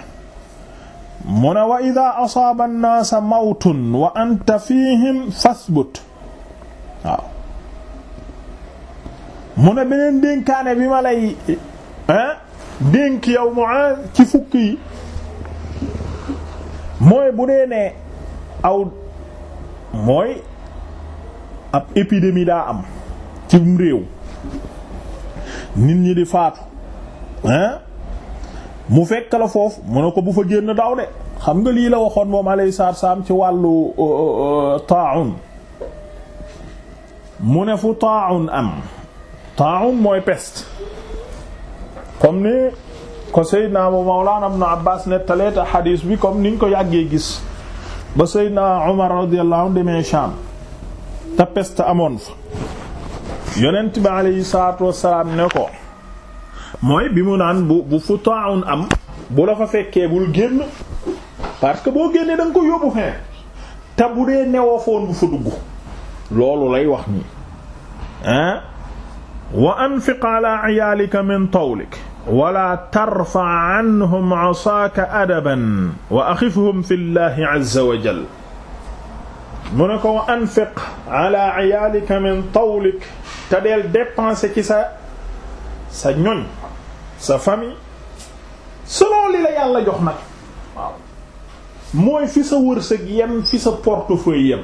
mu ne wa ida asaaba an-naasa mawtun wa anta fiihim fasbut waaw mu ne beneen dénkaane bi ma lay hein dénk yow ci fukk yi mooy bu ne aw mooy ab épidémie daa am cim réew nit ñi di faatu hein mu fekk la foofu mu ne ko bu fa génn daw de xam nga lii la waxoon moom alayhi salaam ci wàllu euh, euh, euh, taa'un mu ne fu taaun am taaun mooy pest comme ni ko Seydina bu Mawlaana Ibn Abbaas nettalee te xadiis bi comme niñ ko yàggee gis ba Seydina Umar radiyallahu anhu demee Shaam te pest amoon fa yonent bi alayhi salaatu wassalaam ne ko mooy bi mu naan bu bu fu taaun am bu la fa fekkee bul génn parce que boo génnee danga ko yóbbu feneen te bu dee newoo foon bu fa dugg loolu lay wax nii ah wa anfiq ala iyaalika min tawlik wala tarfa anhum asaaka adaban wa axifhum fi llahi azza wa jal mu ala iyaalika min tawlik te deel dépenser ci sa sa ñoñ sa famille selon li la yàlla jox nag waaw mooy fi sa wërsëg yem fi sa portefeuille yem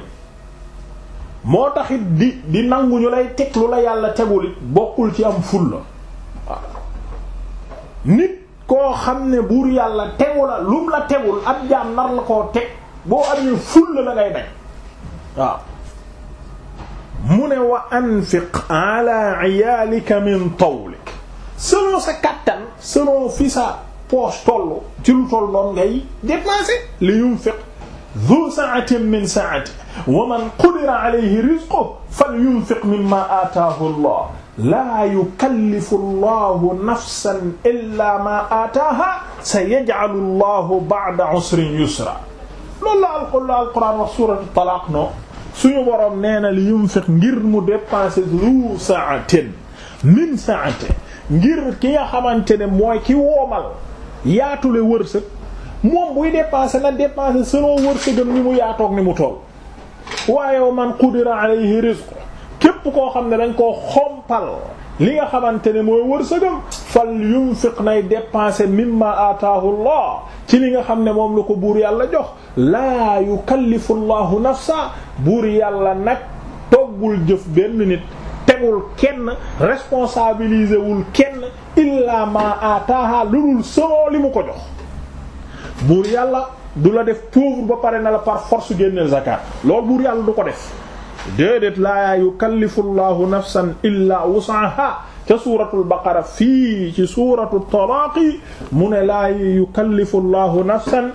moo taxit di di nangu ñu lay teg la yàlla tegul bokkul ci am ful la nit koo xam ne buur yàlla tegu la lum la tegul ab jaam nar la koo teg boo amee ful la ngay bañ mu ne wa anfiq ala iyalika min tawlik selon sa kattan selon fi sa poche toll ci lu toll noonu ngay dépenser li yunfiq zu sa'atin min sa'ati wa man qudira alayhi rizquhu falyunfiq mimma ataahu Allah laa yukallifu Allahu nafsan illaa maa ataaha sayaj'alu Allahu ba'da 'usrin yusra loolu la alquran wax suuratu talaaq no suñu boroom nee na li yunfiq ngir mu dépenser zu sa'atin min sa'ati ngir ki nga xamante ne mooy ki woomal yaatule wërsëg moom buy dépenser na dépenser selon wërsëgam ni mu yaatoog ni mu toll waaye man qudira alayhi rizqu képp koo xam ne dañ koo xompal li nga xamante ne mooy wërsëgam fal yunfiq nay dépenser mimma ataahu allah ci li nga xam ne moom lu ko buur yàlla jox laa yukallifu llahu nafsa buur yàlla nag toggul jëf benn nit tegul kenn responsabilisé wul kenn illaa ma ataaha lu dul solo li mu ko jox buur yàlla du la def pauvre ba pare na la par force génneel zakat loolu buur yàlla du ko def déedéet laa yukallifu llahu nafsan illa wus'aha ca suuratu baqara fii ci suuratu talaaqi mu ne laa yukallifu llahu nafsan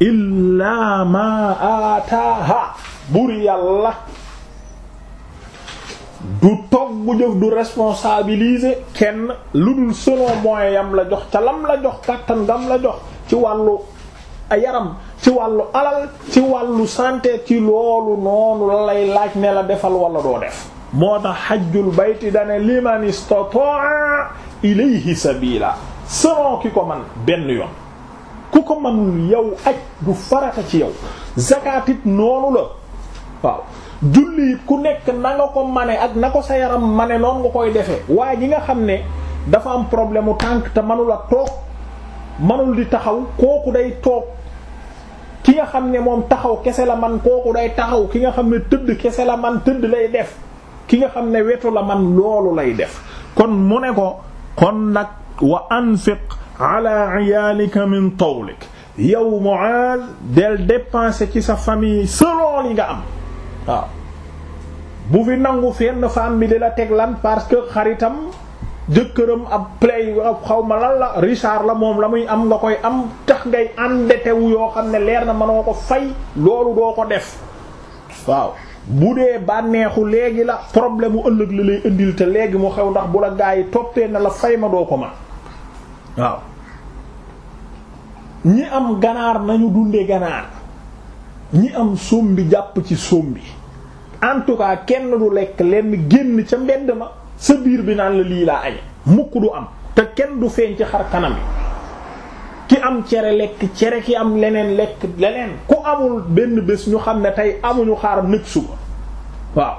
illa ma aataaha buur yàlla du toog bu jëf du responsabiliser kenn lu dul selon moyen yam la jox ca lam la jox kattan gam la jox ci wàllu a yaram ci wàllu alal ci wàllu santé ci loolu noonu la lay laaj ne la defal wala doo def moo tax xajjul bayti dane liman istata'a ilayhi sabila selon ki ko man benn yoon ku ko manul yow aj du farata ci yow zakatit noonu la waaw julli ku nekk na nga ko mane ak na ko sa yaram mane noonu nga koy defe waaye ñi nga xam ne dafa am problème mu tànk te manula toog manul di taxaw kooku day toog ki nga xam ne moom taxaw kese la man kooku day taxaw ki nga xam ne tëdd kese la man tëdd lay def ki nga xam ne wetu la man loolu lay def kon mu ne ko kon nag wa anfiq ala iyalika min tawlik yow Mu'aaz del dépenser ci sa famille selon yi nga am waaw bu fi nangu fenn femme bi di la teg lan parce que xaritam jëkkëram ab play ab xaw ma lan la Richard la moom la muy am nga koy am tax ngay endetté wu yoo xam ne leer na ma mënoo ko fay loolu doo ko def waaw bu dee bànneexu léegi la problème mu ëllëg la lay indil te léegi mu xew ndax bu la gaa yi toppee na la fay ma doo ko ma waaw ñi am ganaar nañu dunde ganaar ñi am sombi jàpp ci sombi en tout cas kenn du lekk lenn génn ca mbedd ma sa biir bi naan la lii laa añe mukk du am te kenn du feeñ ci xar kanam yi ki am cere lekk cere ki am leneen lekk leneen ku amul benn bés ñu xam ne tey amuñu xaar nëg suba waaw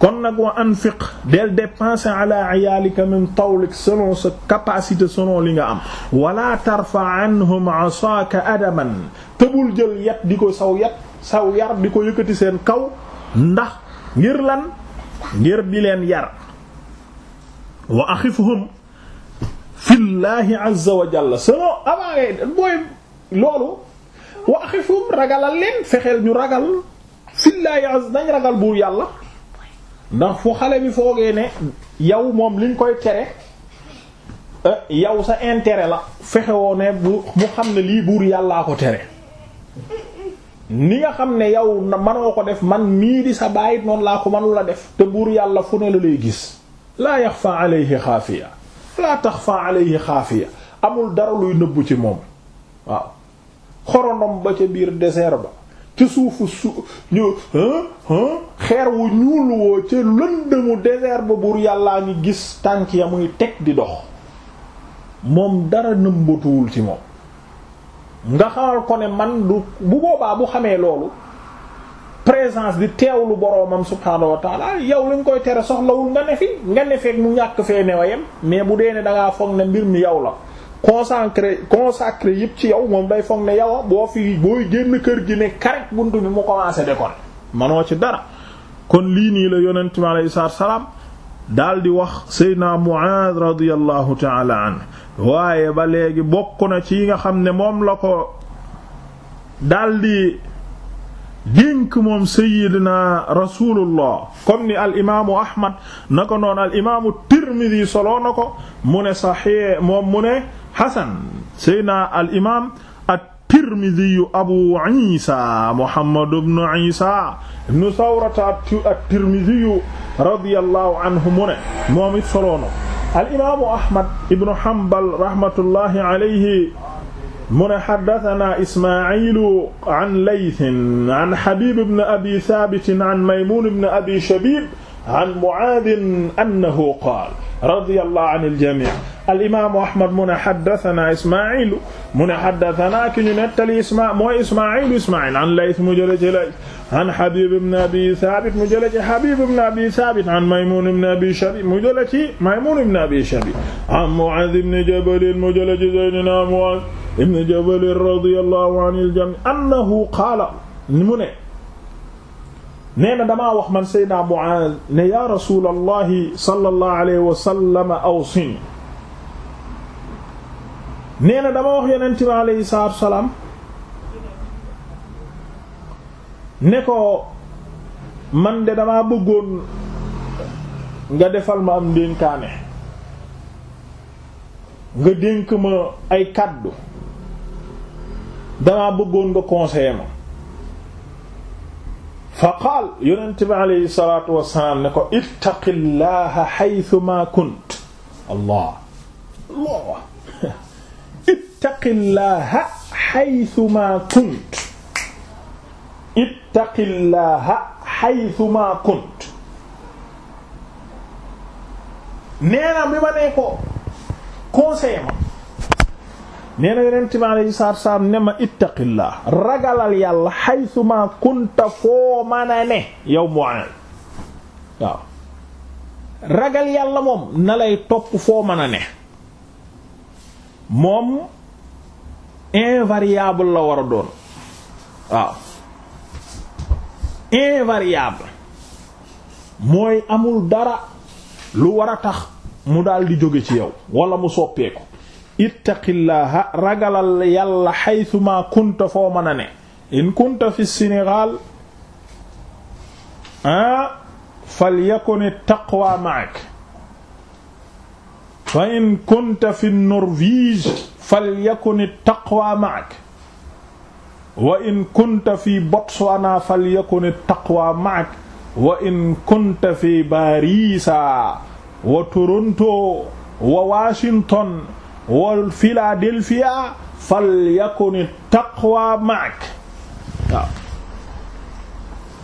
kon nag wa anfiq del dépenser ala iyalika min tawlik selon sa capacité selon li nga am wala tarfa anhum asaaka adaman tëbul jël yet di ko saw yat saw yar di ko yëkkati seen kaw ndax ngir lan ngir di leen yar wa axifhum fillaahi azza wa jalla selon avant ngay mooy loolu wa axifhum ragalal leen fexeel ñu ragal fillaahi azza ragal buur yàlla ndax fu xale bi foogee ne yow moom liñ koy tere eh, yow sa intérêt la fexe woo ne bu mu xam ne lii buur yàllaa ko tere ni nga xam ne yow manoo ko def man mii di sa bàyyit noonu laa ko mënula def te buur yàlla fu ne la lay gis laa yaxfa alayhi xaafiya laa taxfa alayhi xaafiya amul dara luy nëbbu ci moom waaw xorondom ba ca biir désert ba ci suufu su xeer wu ñuul woo ca lëndëmu désert ba buur yàllaa ngi gis tànk ya muy teg di dox moom dara nëmbatuwul ci moom nga xamal ko ne man du bu boobaa bu xamee loolu présence di teewlu boroomam subhaanahu wa taala yow luñ koy tere soxlawul nga ne fi nga ne feek mu ñàkk fee ne wayem mais bu dee ne da foog ne mbir mi yow la consacré consacré yëpp ci yow moom day foog ne yow boo fi booy génn kër gi ne karek bunt bi mu commencé déconné manoo ci dara kon lii nii la yonent mi sa salaam daal di wax Seydina Muaaz radiyallahu taala anhu waaye ba léegi bokk na ci nga xam ne moom la ko daldi dénk moom sayyidina rasulullah comme ni al imaamu ahmad na ko noon al imaamu tirmidi soloo ko mu ne saxix moom mune ne xasan na al imam at-tirmidi abu isa muhammad ibnu isa ibnu sawrata at-tirmidi radiyallahu anhu moom it soloo al imaamu ahmad ibnu hanbal rahmatullahi alayhi mu ne haddasanaa ismaa'iilu an laythin an habiib ibn abi thaabitin an maymuun ibn abi shabiib an mu'aadin annahu qaala radiyallahu anil jamii' al imaamu ahmad mu ne haddasanaa ismaa'iilu mu ne haddasanaa ki ñu nettali ismaa mooy ismaa'iilu ismaa'iil an layth mu jële ci layth an Habib ibn Abi Thabit mu jëlee ci Habib ibn Abi Thabit an Maymun ibn Abi Shabi mu jëlee ci Maymun ibn Abi Shabi an Mu'adh ibn Jabal mu jëlee ci Seydina Mu'adh ibn Jabal radiyallahu anil jami annahu qaala mu ne nee na damaa wax man Seydina Mu'adh ne yaa Rasulallahi sallallahu alayhi wa sallam awsini nee na dama wax Yonent bi alayhi salaatu wa salaam ne ko man de damaa bëggoon nga defal ma am ndénkaane nga dénk ma ay kàddu damaa bëggoon nga conseiller ma fa qaal yonent bi aleyhi salatu wasalaam ne ko ittaqillaha haythuma kunt allah allah ittaqillaha haythuma kunt ittaqillaaha haythuma kunt nee na bi ma nee ko conseil ma nee na yonent bi alayhi salaatu ne ma ittaqillah ragalal yàlla haythuma kunta foo mën a ne yow Mu'aaz waaw ragal yàlla moom na topp foo mën a ne moom invariable la war a doon invariable mooy amul dara lu wara tax mu daldi di jóge ci yow wala mu soppeeku ittaqillaha ragalal yàlla xaytuma kunta foo mën in kunta fi Sénégal ah falyakun taqwa ma'ak fa in kunta fi Norvège falyakun taqwa ma'ak wa in kunta fi Botswana falyakun taqwa ma'ak wa in kunta fi Barisa wa Toronto wa Washington wa Philadelphia falyakun taqwa ma'ak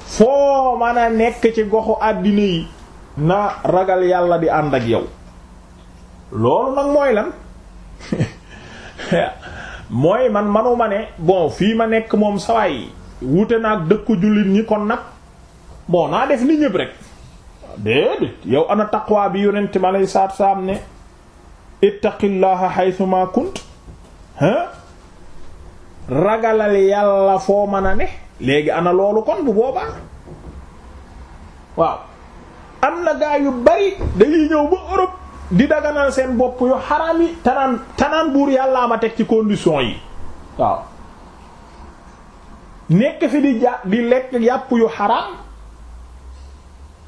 foo mën nekk ci goxu àddina yi na ragal yàlla di ànd ak yow loolu nag mooy mooy man manuma ne bon fii ma nekk moom sawaay wute naag dëkku jullit ñi kon nag bon naa def ni ñëpp rek déedéet yow ana taqwa bi yonent ma lay saat saam ne ittaqillaha haythuma kunt hein ragalal yàlla foo mën a ne léegi ana loolu kon bu boobaa waaw am na gaa yu bari dañuy ñëw ba Europe di daganal seen bopp yu xaraam yi tanaan tanaan buur yàllaa ma teg ci condition yi waaw nekk fi di ja di lekk yàpp yu xaraam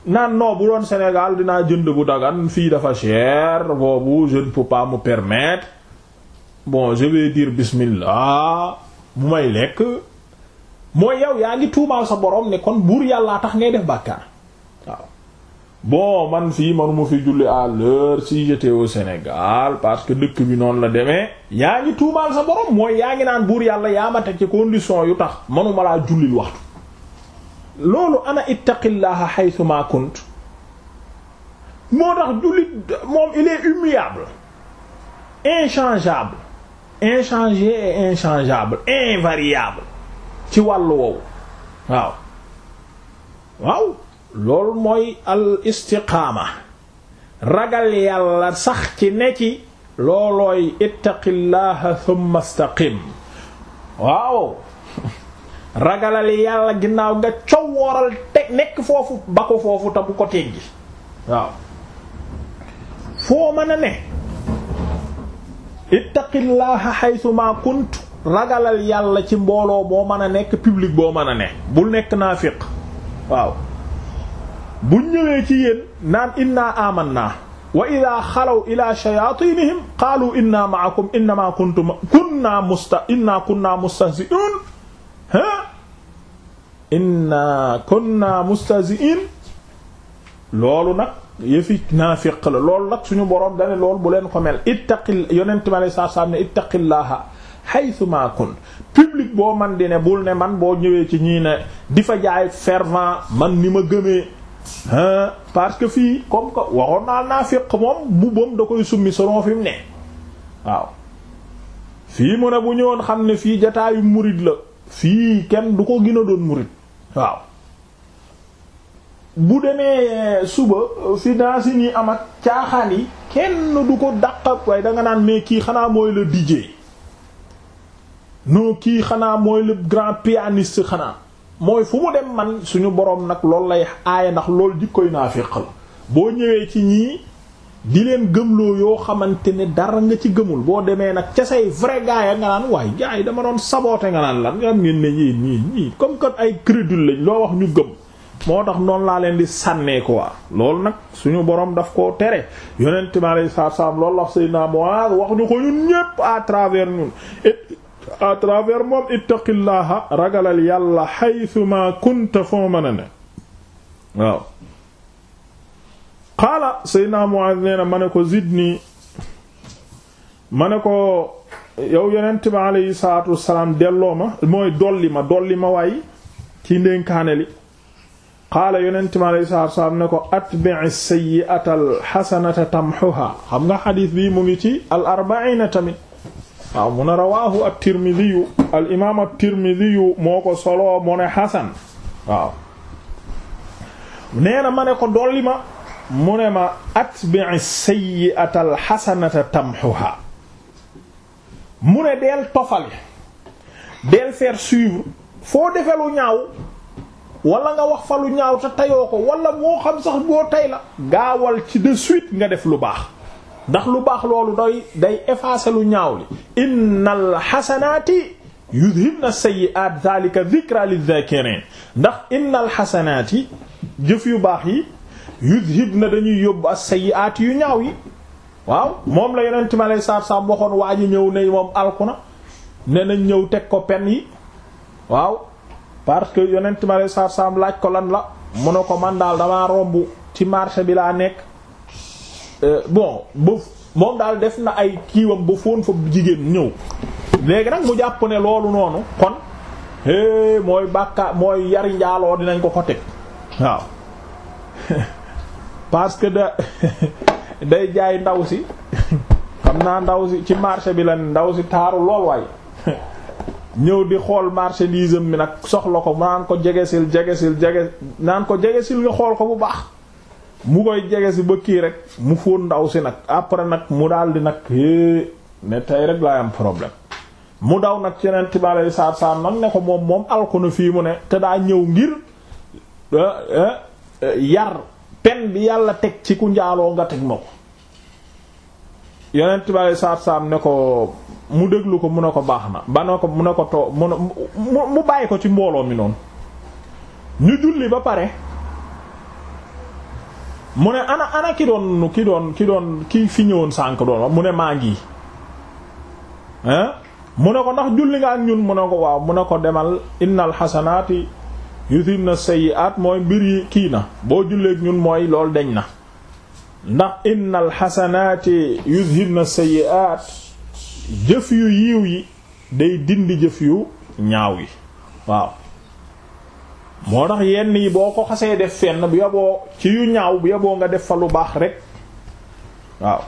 naan non bu doon Sénégal dinaa jënd bu dagan fii dafa cher boobu je ne peux pas bon je diir dire bismillah bu may lekk mooy yow yaa ngi tuumaal sa borom ne kon buur yàllaa tax ngay def bàkkaar waaw bon man fii manuma fi julli à si j'étais au Sénégal parce que dëkk bi noonu la demee yaa ngi tuumaal sa borom mooy yaa ngi naan buur yàlla yaa ma teg ci condition yu tax manuma laa jullil waxtu loolu ana ittaqillaha haythu ma kunt moo tax jullit moom il est immuable inchangeable inchangé et inchangeable invariable ci wàllu woowu waaw waaw lool mooy al istiqaama ragal yàlla sax ci ne ci loolooy ittaqillaha thumma istaqim waaw ragalal yàlla ginnaaw nga cowooral teg nekk foofu ba ko foofu te ko teggi waaw foo mën a ne ittaqillaha haythu ma kunt ragalal yàlla ci mbooloo boo mën a nekk public boo mën a ne bul nekk naafiq waaw bu ñëwee ci yéen naan inna amanna wa ida xalaw ila shayatinihim qaalu inna ma'akum inna kunna mustahzi'un ha inna kunna mustahzi'in loolu nag yëfi naafiq la loolu nag suñu borom dane lool bu leen ko mel ittaqil yonent mi alei satu salaam ne kun public boo man di bul ne man boo ñëwee ci ñii ne di jaay fervent man ni ma gëmee parce que fii comme que waxoon naa naafiq moom mbubbam da koy summi selon fi mu ne waaw fii mu ne bu ñëwoon xam ne fii jataayu murid la fii kenn du ko gën doon murid waaw bu demee eh, suba fi dansi nii am caaxaan yi kenn du ko dàq waaye danga naan mais kii xanaa mooy le DJ non kii xanaa mooy le grand pianiste xanaa mooy fu mu dem man suñu borom nag loolu lay aaya ndax loolu jikkoy naafiq la boo ñëwee ci ñii di leen gëmloo yoo xamante ne dara nga ci gëmul boo demee nag ca say vrai gars ya nga naan waaye gars yi dama doon saboote nga naan lan nga ngeen ne yéen ñii ñii comme que ay crédule lañ loo wax ñu gëm moo tax noonu laa leen di sànnee quoi loolu nag suñu borom daf ko tere yonent mi alayhi salaam loolu wax Seydina Muaaz wax ñu ko ñun ñépp à travers ñun à travers moom ittaqillaha ragalal yàlla xaytuma kunta foo mën a ne qaala Seydina Muaaz nee na ma ne ko zidni ma ne ko yow yonent bi aleyhi salaatu wassalaam delloo ma mooy dolli ma dolli ma waay ci ndénkaane li qaala yonent bi aleyhi salaatu wassalaam ne ko atbi'i sayyi'ata al hasanata tamhuha xam nga xadiis bii mu ngi ci al arba'iina tamit waaw mu ne rawaahu at-Tirmidhi al moo ko soloo mu ne Hasan waaw nee na ma ko dolli ma mu ne ma atbi'i sayyi'ata al-hasanata tamhuha mu ne tofale deel faire suivre foo defe lu ñaaw wala nga wax falu ñaaw te tayoo ko walla moo xam sax boo tay la gaawal ci de suite nga def lu baax ndax lu baax loolu doy day effacer lu ñaaw li innal xasanaati yudhibna sayyi'aat zaalika dhikra lidh-dhaakirin ndax innal xasanaati jëf yu baax yi na dañuy yóbbu as-sayyi'aat yu ñaaw yi waaw moom la yonent ma alayhi salaatu salaam waxoon waa ji ñëw ne moom alkuna ne nañ ñëw teg ko pen yi waaw parce que yonent mi alayhi salaatu salaam laaj ko lan la mu ne ko man daal damaa romb ci marché bi laa nekk Euh, bon ba moom daal def na ay kiiwam ba fóon fa jigéen ñëw léegi nag mu jàpp ne loolu noonu kon é mooy bàkkaa mooy yari njaaloo dinañ ko ko teg waaw parce que da day jaay ndaw si xam naa ndaw si ci marché bi la ndaw si taaru lool waay ñëw di xool marchandise am bi nag soxla ko naan ko jegesil jegesil jege naan ko jegesil nga xool ko bu baax mu koy jege si ba kii rek mu fóon ndaw si nag après nag mu daal di nag hé ne tey rek laay am problème mu daw nag ci neen tibaale saar saar nag ne ko moom moom alkona fii mu ne te daa ñëw ngir yar pen bi yàlla teg ci ku njaaloo nga teg ma ko yonent bi saat saam ne ko mu déglu ko mu ne ko baax na ba ko mu ne ko too mu mu bàyyi ko ci mbooloo mi noonu ñu julli ba pare mu ne ana ana ki doon ki doon ki fi ñëwoon sànk doon wax mu ne maa ngi mu ne ko ndax julli nga ak ñun mu ne ko waaw mu ne ko demal innal xasanaati yudhibna sayyi'aat mooy mbir yi kii na boo jullee ñun mooy lool deñ na ndax innal xasanaati yudhibna sayyi'aat jëf yu yiiw yi day dindi jëf yu ñaaw yi waaw moo tax yenn yi boo ko xasee def fenn bu yaboo ci yu ñaaw bu yaboo nga def fa lu baax rek waaw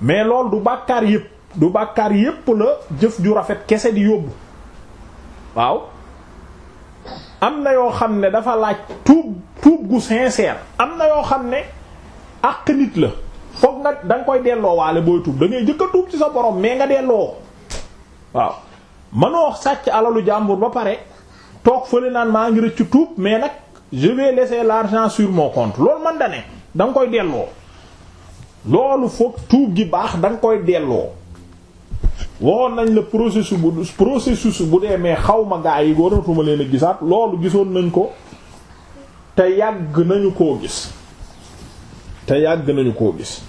mais loolu du bàkkaar yépp du bàkkaar yépp la jëf ju rafet kese di yóbbu waaw am na yoo xam ne dafa laaj tuub tuub gu sincère am na yoo xam ne àq nit la foog nga da koy delloo waale booy tuub da ngay tuub ci sa borom mais nga delloo waaw mënoo sàcc alalu jàmbur ba pare toog fële naan maa ngi rëcc tuub mais nag je vais laisser l'argent sur mon compte loolu man da ne da nga koy delloo loolu foog tuub gi baax danga koy delloo waxoon nañ la processus bu processus bu dee mais xaw ma gaa yi waratuma leen a gisaat loolu gisoon nañ ko te yàgg nañu koo gis te yàgg nañu koo gis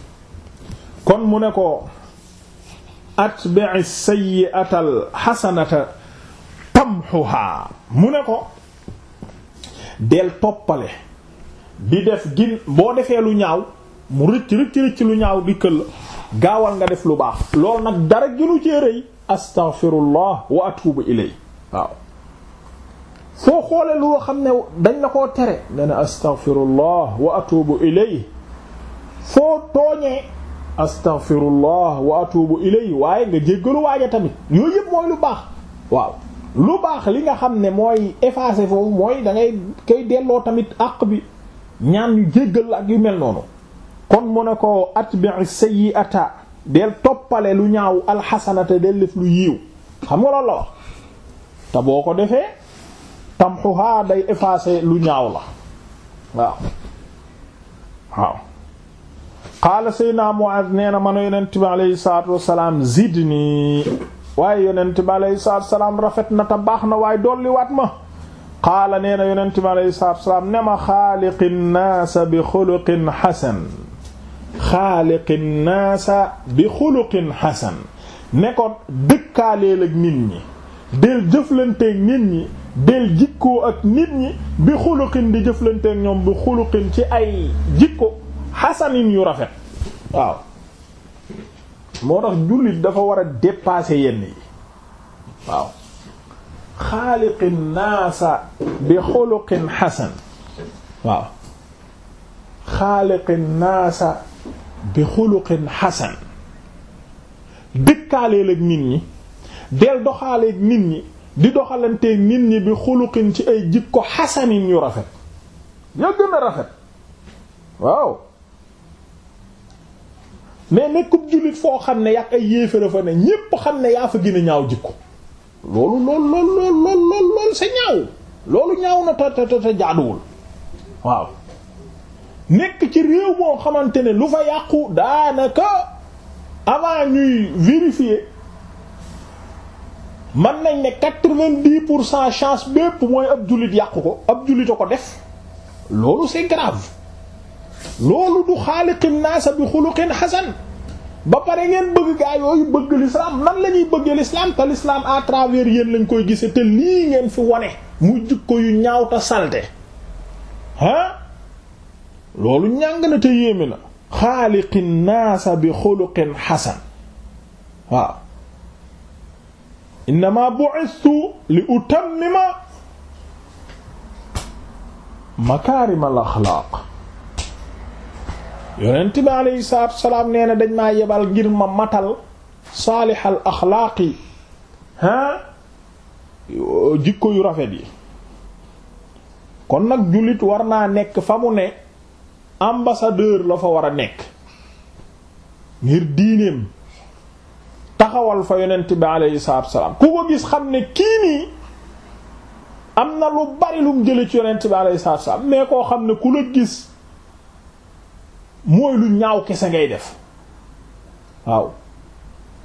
kon mu ne ko atbi'i atal hasanata tamxuhaa mu ne ko del toppale di def gin boo defee lu ñaaw mu rëcc rëcc rëcc lu ñaaw di këll gaawal nga def lu baax loolu nag dara gënu cee rëy astaghfirullah wa atubu ilay waaw foo xoole lu xam ne dañ la koo tere ne na astaghfirullah wa atubu ilay foo tooñee astaghfirullah wa atubu ilay waaye nga jéggalu waaja tamit yooyu yëpp mooy lu baax waaw lu baax li nga xam ne mooy effacer foofu mooy da ngay delloo tamit àq bi ñaan yu jéggal la ak yu mel noonu kon mu ne ko atbi'i sayyi'ata del toppale lu ñaaw alxasanata del def lu yiw xam nga loolu la wax te boo ko defee tamxuha day effacer lu ñaaw la waaw waaw qaala sayyidina Mu'adh nee na mën a yonent bi alayhi salaatu waaye yonent bi aleyhi salaam rafet na ta baax na waaye dolliwaat ma qaala nee na yonent bi aleyhi salaatu salaam ne ma xaaliqi nnaasa bi xuluqin xasan xaaliqi nnaasa bi xuluqin xasan ne ko dëkkaaleel ak nit ñi del jëflanteeg nit ñi del jikkoo ak nit ñi bi xuluqin di jëflanteeg ñoom bi xuluqin ci ay jikko xasanin yu rafet waaw moo tax jullit dafa war a dépasser yenn yi waaw xaaliqin naasa bi xuluqin xasan waaw xaaliqin naasa bi xuluqin xasan dëkkaaleel ak nit ñi del doxaaleeg nit ñi di doxalanteeg nit ñi bi xuluqin ci ay jikko xasanin yu rafet ya gën a rafet waaw mais nekkub jullit foo xam ne yàq ay yéefara fa ne ñépp xam ne yaa fa gën ñaaw jikko loolu loolu loolu loolu loolu sa ñaaw loolu ñaaw na ta ta jaaduwul waaw nekk ci réew moo xamante ne lu fa yàqu daanaka avant ñuy vérifier mën nañ ne quatre-vingt-dix pour cent chance bépp mooy ab jullit yàqu ko ab jullit a ko def loolu c'est grave loolu du xaaliqin naasa bi xuluqin hasan ba pare ngeen bëgg gaa yooyu bëgg l'islam nan la ñuy bëggee l'islam te l'islam à travers yéen lañ koy gisee te lii ngeen fi wone mu jikko yu ñaawta te salte ah loolu ñàng na te yéeme na xaaliqin naasa bi xuluqin hasan waaw innama bu'istu li utammima makaarimal axlaaq yonent bi aleyhi salaatu nee na dañ maa yebal ngir ma matal saalixal axlaaqi ah jikko yu rafet yi kon nag jullit war naa nekk fa mu ne ambassadeur la fa war a nekk ngir diineem taxawal fa yonent bi aleyhi salaatu ku ko gis xam ne kii nii am na lu bari lum jële ci yonent bi aleyhi salaatu wasalaam koo xam ne ku la gis mooy lu ñaaw kese ngay def waaw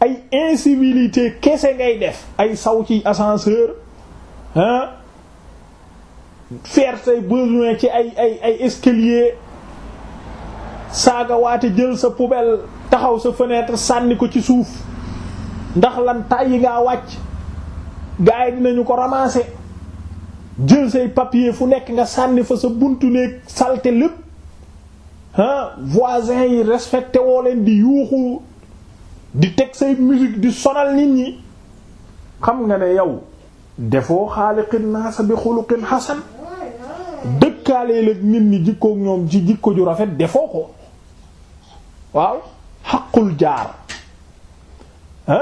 ay incivilité kese ngay def ay saw ci ascenseur hein faire say besoin ci ay ay ay escalier saaga waate jël sa poubelle taxaw sa fenêtre sànni ko ci suuf ndax lan tàyyi ngaa wàcc gars yi dinañu ko ramasser jël say papier fu nekk nga sànni fa sa buntu néeg saleté lépp ah voisins yi respecté woo leen di yuuxu di teg say musique di sonal nit ñi xam nga ne yow defoo xaaliqin naasa bi xuluqin xasan dëkkaale la nit ñi jikkook ñoom ci jikko ju rafet defoo ko waaw xaqul jaar ah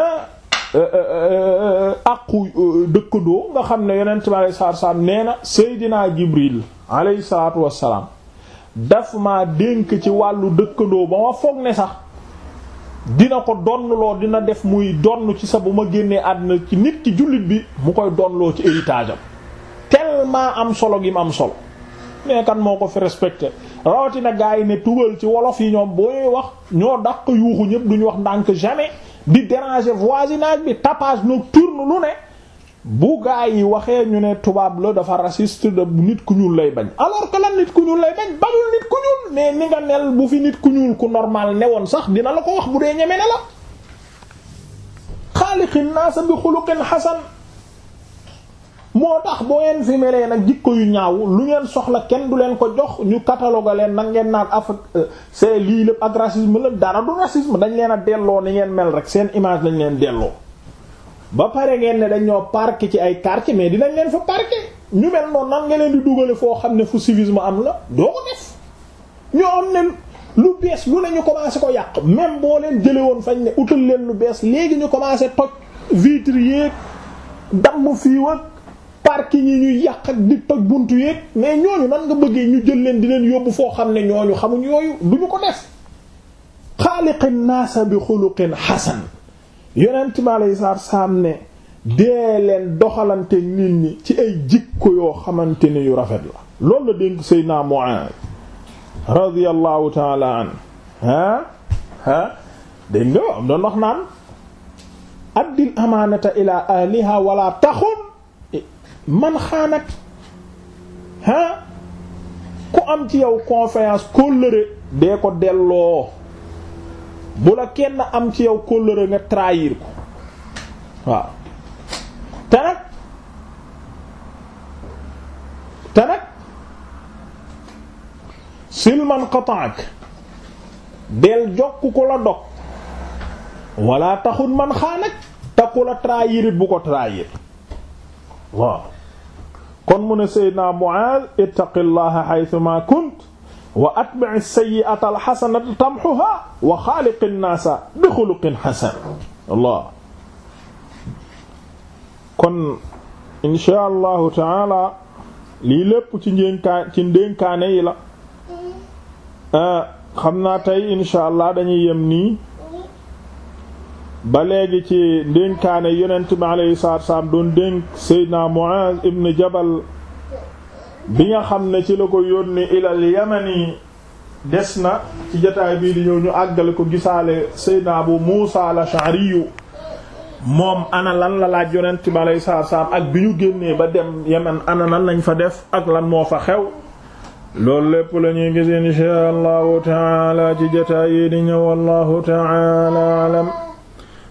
euh, aqu euh, euh, dëkkandoo nga xam ne yonent bi alayhi salaatu wa salaam nee na Seydina Jibril alayhi salaatu wa salaam daf ma dénk ci wàllu dëkkandoo ba ma foog ne sax dina ko donnloo dina def muy donn ci sax bu ma génnee àdduna ci nit ki jullit bi mu koy loo ci héritage am tellement am solo gi mu am solo mais moo ko fi respecté rawatina gars yi ne tugal ci wolof yi ñoom boo wax ñoo daq yuuxu ñëpp duñu wax ndànk jamais di déranger voisinage bi tapage nocturne lu ne bu gaa yi waxee ñu ne tubaab la dafa raciste de nit ku ñuul lay bañ alors que lan nit ku ñuul lay bañ bañul nit ku ñuul mais ni nga nel bu fi nit ku ñuul ku ne woon sax dina la ko wax bu dee ñeme ne la xaaliqin naasa bi xuluqin xasan moo tax boo ngeen fi melee nag jikko yu ñaaw lu ngeen soxla kenn du leen ko jox ñu catalogué leen nag ngeen naan af euh, c'est lii lépp ak racisme la dara du racisme dañ leen a delloo ni ngeen mel rek seen image lañ leen delloo ba pare ngeen ne dañoo parqué ci ay quartier mais dinañ leen fa parqué ñu mel noonu nan nga leen di dugale foo xam ne fu civisme am la doo ko def ñoo am ne lu bees lu ne ñu commencé ko yàq même boo leen jëlee woon fañ ne utal leen lu bees léegi ñu commencé toj vitre yeeg damm fii ak parking yi ñu yàq ak di toj buntu yeeg mais ñooñu nan nga bëggee ñu jël leen di leen yóbbu foo xam ne ñooñu xamuñ yooyu du ñu ko def xaaliqin naasa bi xuluqin hasan yonent mi aleyhi salaatu ne dee leen doxalante nit ñi ci ay jikko yoo xamante yu rafet la loolu la dénk Seydina Muaaz radiyallahu taala an ah ah dégg nga am doon wax naan addil amaanata ila ahliha wala taxun man xaanak ah ku am ci yow confiance kóllëre dee ko delloo bu la kenn am ci yow kóllëre nga trahir ko waaw te nag te nag silman qata'ak del jokk ku la dog wala taxut man xaanak te ku la trahirit bu ko trahir waaw kon mu ne Seydina Mu'aaz ittaqillaha haythuma kunt wa atbi'i sayyi'ata alxasanata tamxuha wa xaaliqi nnaasa bi xuluqin xasan allah kon insha allahu taala lii lépp ci ndénkaan ci ndénkaane yi la ah, xam naa tey insha allah dañuy yem nii ba léegi ci ndénkaane yonent bi alayhi Mu'aaz ibn Jabal bi nga xam ne ci la ko yónni ilal yamani des na ci jotaay bii di ñëw ñu àggale ko gisaale Seydina bu Muusa al-Ash'ari moom ana lan la laaj yonent bi alayhi salaatu salaam ak bi ñu génnee ba dem Yaman ana lan lañ fa def ak lan moo fa xew loolu lépp la ñuy gis inshaa Allahu ta'ala ci jotaay yi di ñëw wallahu ta'ala alam